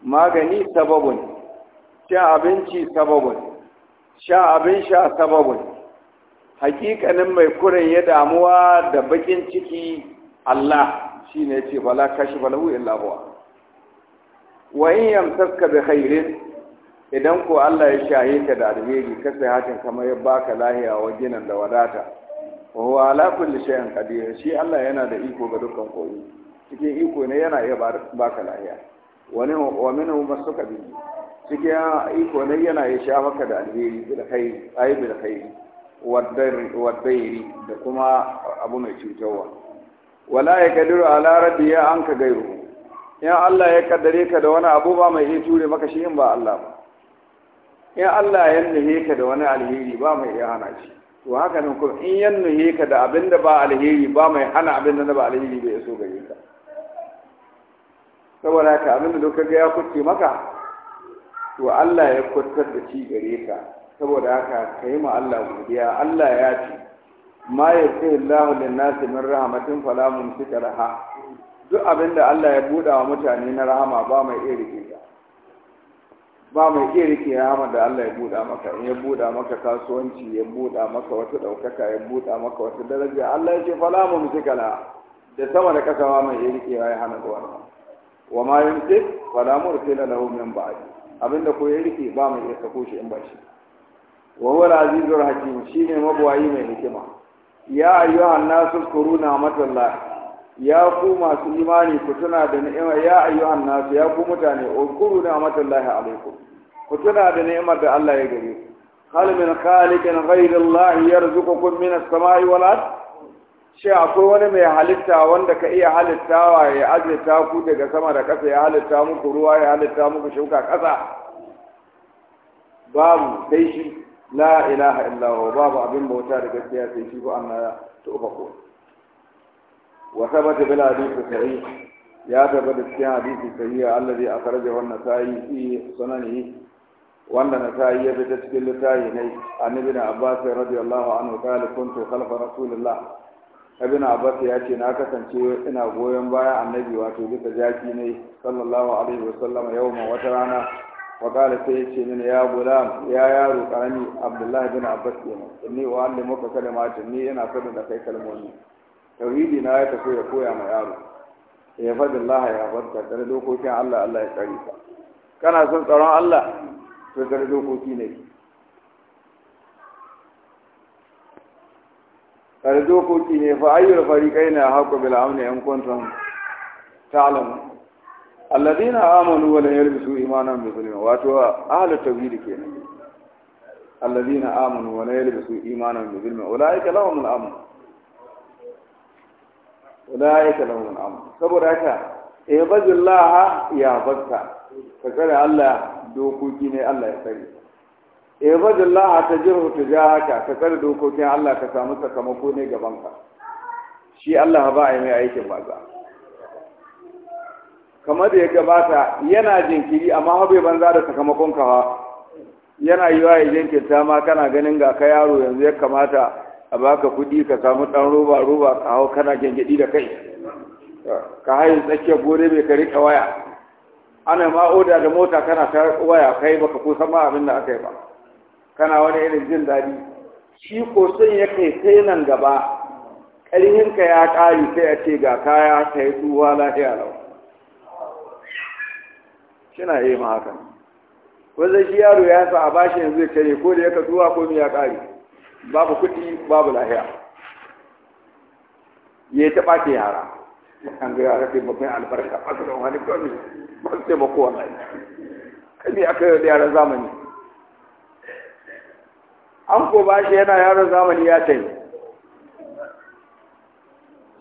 S1: magani sababun cin abinci sababun sha abin sha sababun hakikanin mai kuren ya damuwa da bakin ciki Allah shi ne ce bala kashi balahu illa huwa wa in yamsaka bi khairin idan ko Allah ya shaye ka da alheri ka sai hatin kamar ya baka lahiya wa ginan da wadata wa huwa ala kulli shay'in qadir shi Allah yana da iko ga dukkan koyi cikin iko ne yana iya baka lahiya wani wa minhu masuka bi cikin iko ne yana iya sha maka da alheri bil khair ay bil khair waddairi da kuma abu mai cutarwa wala ya kadiru ala rabbi ya an ka gairu in Allah ya kaddare ka da wani abu ba mai iya ture maka shi in ba Allah ba in Allah ya nuhe ka da wani alheri ba mai iya hana shi to haka nan kuma in ya nuhe ka da abin da ba alheri ba mai hana abin da ba alheri bai so gare ka saboda haka abin da ga ya kuce maka to Allah ya kwantar da shi gare ka saboda haka ka yi ma Allah godiya Allah ya ce ma yarda Allah lin nasi min rahmatin fala mumsika laha duk abin da Allah ya buɗa wa mutane na rahama ba mai iya rike ka, ba mai iya rike rahama da Allah ya buɗa maka in ya buɗa maka kasuwanci ya buɗa maka wata ɗaukaka ya buɗa maka wata daraja Allah ya ce fala mumsika laha da sama da kasa ma mai iya rike ya hana da wannan wa ma yumtik fala mursila lahu min ba'di abinda ko ya rike ba mai iya ko shi in ba shi wa huwa al-azizur hakim shine mabuwayi mai hikima ya ayyuhan nasu kuru matallah ya ku masu imani ku tuna da ni'ima ya ayyuhan nasu ya ku mutane ukuru matallah alaikum ku tuna da ni'imar da Allah ya gare ku hal min khaliqin ghayrillahi yarzuqukum min as-sama'i wal ardh shi akwai wani mai halitta wanda ka iya halittawa ya azirta ku daga sama da ƙasa ya halitta muku ruwa ya halitta muku shuka ƙasa babu sai shi la ilaha illahu babu abin bauta da gaskiya sai shi ko anna ko. wa sabata bil hadith sahih ya tabbata cikin hadisi sahih alladhi akhrajahu an-nasa'i fi sunanihi wanda na ta yi ya fita cikin littafi ne annabi na abbas radiyallahu anhu qala kuntu khalfa rasulillah ibn abbas ya ce na kasance ina goyon baya annabi wato bisa jaki ne sallallahu alaihi wasallam yau ma wata rana wa kala sai yace mini ya gulam ya yaro karami abdullahi bin abbas kenan inni wa alli muka kalmatin ni ina fadin da kai kalmomi tauhidi na ya tafi ya koya ma yaro ya fadin Allah ya fadda da dokokin Allah Allah ya tsare ka kana son tsaron Allah to da dokoki ne fardokoki ne fa ayyul fariqaina haqqu bil amni in kuntum ta'lamun alladina amanu wa lam yalbisu imanan bi zulmin wato ahlut tawhid kenan alladina amanu wa lam yalbisu imanan bi zulmin ulaika lahum al-amn ulaika lahum al-amn saboda haka E, bazillah ya bakka ka Allah dokoki ne Allah ya sani a ta jiru haka, ka tsare dokokin Allah ka samu sakamako ne gaban ka shi Allah ba a yi mai aikin maza kamar da ya gabata yana jinkiri amma haɓe banza da sakamakon kawa yana yi yiwa ya ta ma kana ganin ga ka yaro yanzu ya kamata a baka kuɗi ka samu ɗan roba roba ka hau kana gyangyaɗi da kai ka hayin tsakiyar gore mai ka waya ana ma'oda da mota kana ta waya kai baka kusan ma abin da aka yi ba kana wani irin jin daɗi shi ko son ya kai sai nan gaba ka ya ƙari sai a ce ga kaya ta yi tsuwa lafiya lau shina yi ma haka wanzan shi yaro ya sa a bashi yanzu ya kare ko da ya ka tsuwa ko ya ƙari babu kuɗi babu lafiya ya yi taɓa ke yara an ga yara sai mafi albarka a su wani kwami ba su taimako wallahi kami aka yi da yaran zamani an ko ba shi yana yaron zamani ya yi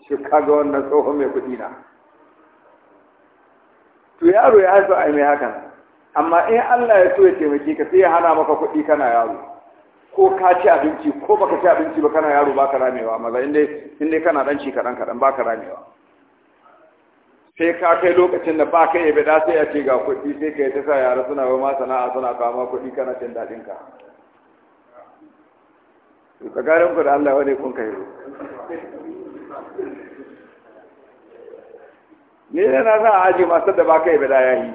S1: shi kaga wannan tsohon mai kuɗi na to yaro ya haifa ai mai hakan amma in Allah ya so ya taimake ka sai ya hana maka kuɗi kana yaro ko ka ci abinci ko baka ci abinci ba kana yaro baka ramewa maza in dai kana dan ci kaɗan kaɗan baka ramewa sai ka kai lokacin da ba ka yabe da sai ya ce ga kuɗi sai ka yi ta sa yara suna ba ma sana'a suna kama kuɗi kana cin daɗinka Ka tsakanin ku da Allah wane kun kai ni ne na za a aji masu da baka yi bada yayi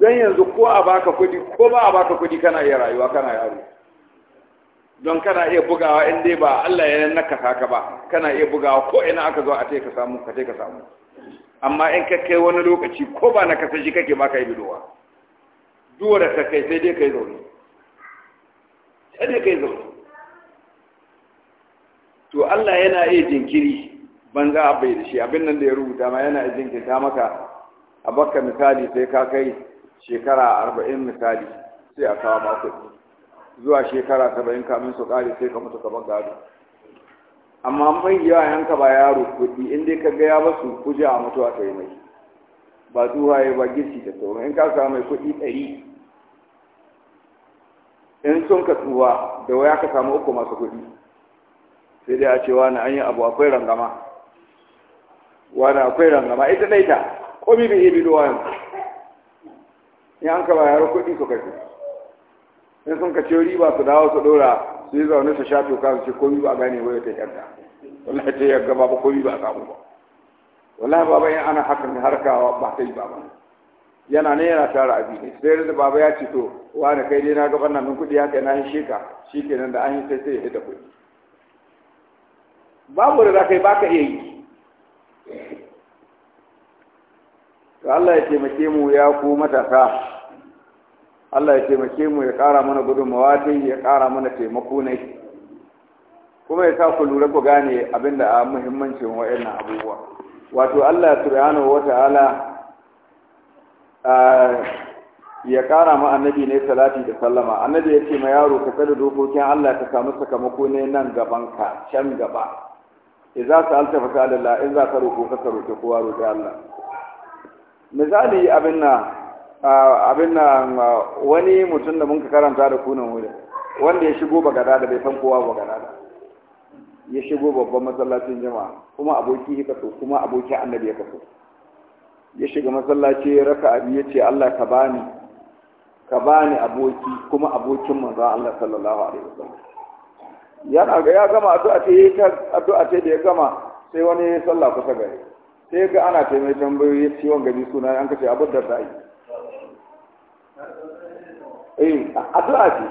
S1: don yanzu ko a baka kudi ko ba a baka kudi kana iya rayuwa kana yaro don kana iya bugawa in dai ba Allah ya naka haka ba kana iya bugawa ko ina aka zo a ka samu ka ka samu amma in ka kai wani lokaci ko ba na kasashe kake baka yi bidowa duwa da ka kai sai dai kai zaune sai dai kai zaune to Allah yana iya jinkiri banza a bai da shi abin nan da ya rubuta ma yana iya jinkirta maka a baka misali sai ka kai shekara arba'in misali sai a kawo mako zuwa shekara saba'in kamin su kare sai ka mutu ka ban gado amma an bai yawa yanka ba yaro kuɗi in dai ka ga ya basu kuje a mutuwa ta yi mai ba tsuhaye ba girki da sauran in ka samu mai kuɗi ɗari in sun ka tsuwa da waya ka samu uku masu kuɗi sai dai a ce wani an yi abu akwai rangama wani akwai rangama ita dai ta komi bai yi bido wani in an ka bayar kuɗi su kashe in sun kace riba su dawo su dora su yi zaune su shafi kansu ce komi ba gane wai ta yarda wallahi ta yarda ba komi ba a samu ba ba ba in ana hakan harkawa ba ta yi ba yana ne yana tara abi ne sai da baba ya ce to wani kai dai na gaban nan kuɗi kai na yi sheka kenan da an yi sai sai ya hita kuɗi babu da za ka yi ba ka iya yi to Allah ya taimake mu ya ku matasa Allah ya taimake mu ya ƙara mana gudunmawa dai ya ƙara mana taimako ne kuma ya sa ku lura ku gane abin da a muhimmancin wa'annan abubuwa wato Allah subhanahu wa ta'ala ya ƙara ma annabi ne salati da sallama annabi ya ce ma yaro ka tsada dokokin Allah ka samu sakamako ne nan gaban ka can gaba idza sa'alta fa Allah in za ka roƙo ka roƙi kowa roƙi Allah misali abin na abin na wani mutum da mun ka karanta da kunan wuri wanda ya shigo bagada da bai san kowa bagada da ya shigo babban masallacin jama'a kuma aboki ya kaso kuma aboki annabi ya kaso ya shiga masallaci ya raka abi ya ce Allah ka bani ka bani aboki kuma abokin manzo Allah sallallahu alaihi wasallam yana ga ya gama addu'a ce ya ta addu'a ce da ya gama sai wani ya sallah kusa gare sai ga ana ta mai tambayoyi ciwon gani suna an kace abu da da'i eh addu'a ce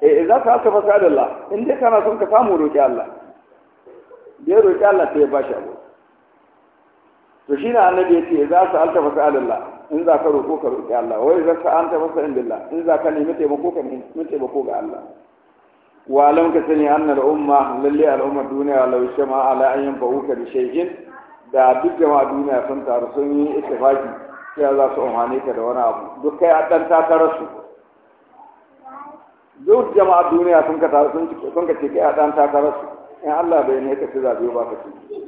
S1: eh za ka haka fasa da Allah in dai kana son ka samu roƙi Allah da roƙi Allah sai ya bashi abu to shine annabi yace za ka alta fasa da Allah in za ka roƙo ka roƙi Allah wai za ka anta fasa allah in za ka nemi taimako ka nemi taimako ga Allah walam ka sani anna umma, lalle al'umma duniya law shama ala an yanfa'uka bi shay'in da duk jama'a duniya sun taru sun yi ittifaki sai za su amfane ka da wani abu duk kai a dan takarar su duk jama'a duniya sun ka taru sun ka ce kai a dan takarar su in Allah bai ne ka ci zaɓe ba ka ci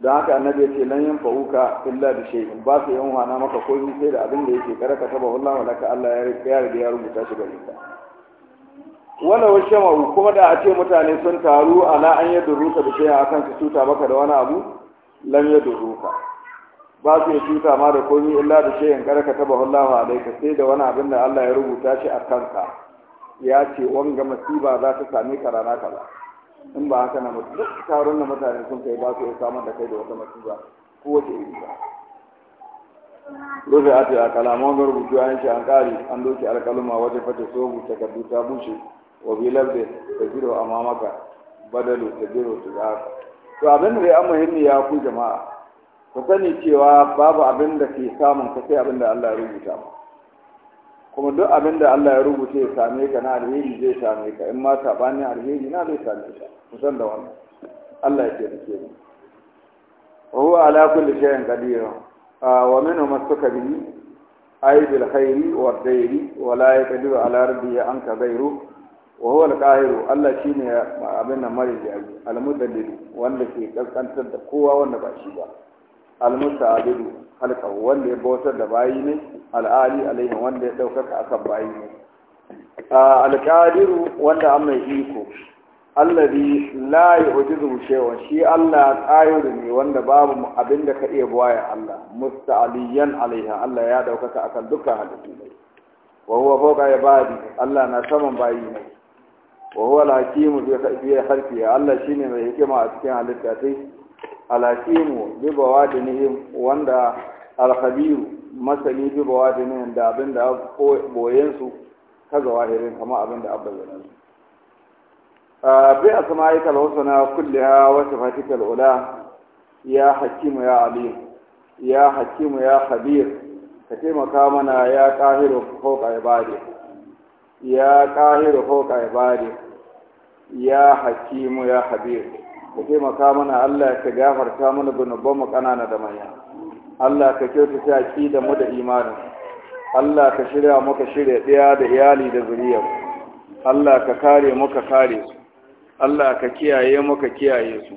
S1: don haka annabi ya ce lan yan fa'uka illa bi shay'in ba su yi wana maka ko komai sai da abin da yake kada ka taba wallahi laka Allah ya riga ya rubuta shi gare ka Wani wace ma'u kuma da a ce mutane sun taru ala an yadda ruka da shi akan su cuta maka da wani abu lan yadda ruka ba su yi cuta ma da komi illa da shi yankar ka taba a alaika sai da wani abin da Allah ya rubuta shi a kanka ya ce wanga masiba za ta karana ka rana kaza in ba haka na mutu duk taron da mutane sun kai ba su yi samun da kai da wata masiba ko wace iri ba rufe a ce a kalaman rubutu an shi an kare an doke alkaluma wajen fata sobu takardu ta bushe wa bi labdin tajiru amamaka badalu tajiru tuzaka to abin da ya muhimmi ya ku jama'a ku sani cewa babu abin da ke samun ka sai abin da Allah ya rubuta ma kuma duk abin da Allah ya rubuta ya same ka na alheri zai same ka in ma sabani alheri na zai same ka ku san da wannan Allah ya taimake mu wa huwa ala kulli shay'in qadir wa minhu masuka bihi aidul khairi wa dairi wa la yaqdiru ala rabbi ghayru wa huwa al-qahiru Allah shine abin nan mare jari al-mudallil wanda ke kaskantar da kowa wanda ba shi ba al-musta'abidu halqa wanda ya bautar da bayi ne al-ali alaihi wanda ya daukaka akan bayi ne al-qadiru wanda an mai iko alladhi la yu'jizu shay'a shi Allah qahiru ne wanda babu abin da ka iya buwaya Allah musta'aliyan alaiha Allah ya daukaka akan dukkan halittu ne wa huwa fawqa ibadi Allah na saman bayi ne wa huwa al-hakimu bi khalqi Allah shine mai hikima a cikin halitta sai al-hakimu bi bawadinihim wanda al-khabiru masani bi bawadinihim da abinda boyen su ka kaga wahirin kama abinda abbayyana su bi asma'ika al-husna kulliha wa sifatika al-ula ya hakimu ya alim ya hakimu ya khabir ka taimaka mana ya qahiru fawqa ibadihi ya ƙahiru hoka ibari ya hakimu ya habibu ka taimaka mana Allah ka gafarta mana mu ƙanana da manya Allah ka kyautata da mu da imanin Allah ka shirya muka shirya ɗaya da iyali da zuriyar Allah ka kare muka kare su Allah ka kiyaye muka kiyaye su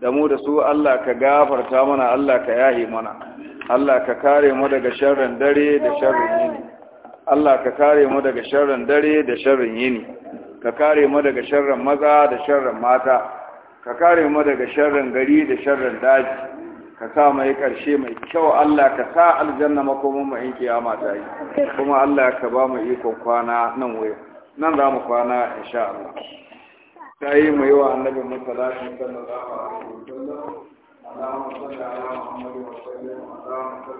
S1: da mu da su Allah ka gafarta mana Allah ka yahi mana Allah ka kare mu daga sharrin dare da sharrin yini Allah ka kare mu daga sharrin dare da sharrin yini ka kare mu daga sharrin maza da sharrin mata ka kare mu daga sharrin gari da sharrin daji ka sa mai karshe mai kyau Allah ka sa aljanna makomin mu in kiyama ta yi kuma Allah ka ba mu ikon kwana nan waya nan za mu kwana insha Allah ta yi mu yi wa annabi musallatu sallallahu alaihi wasallam اللهم صل على محمد wa sallam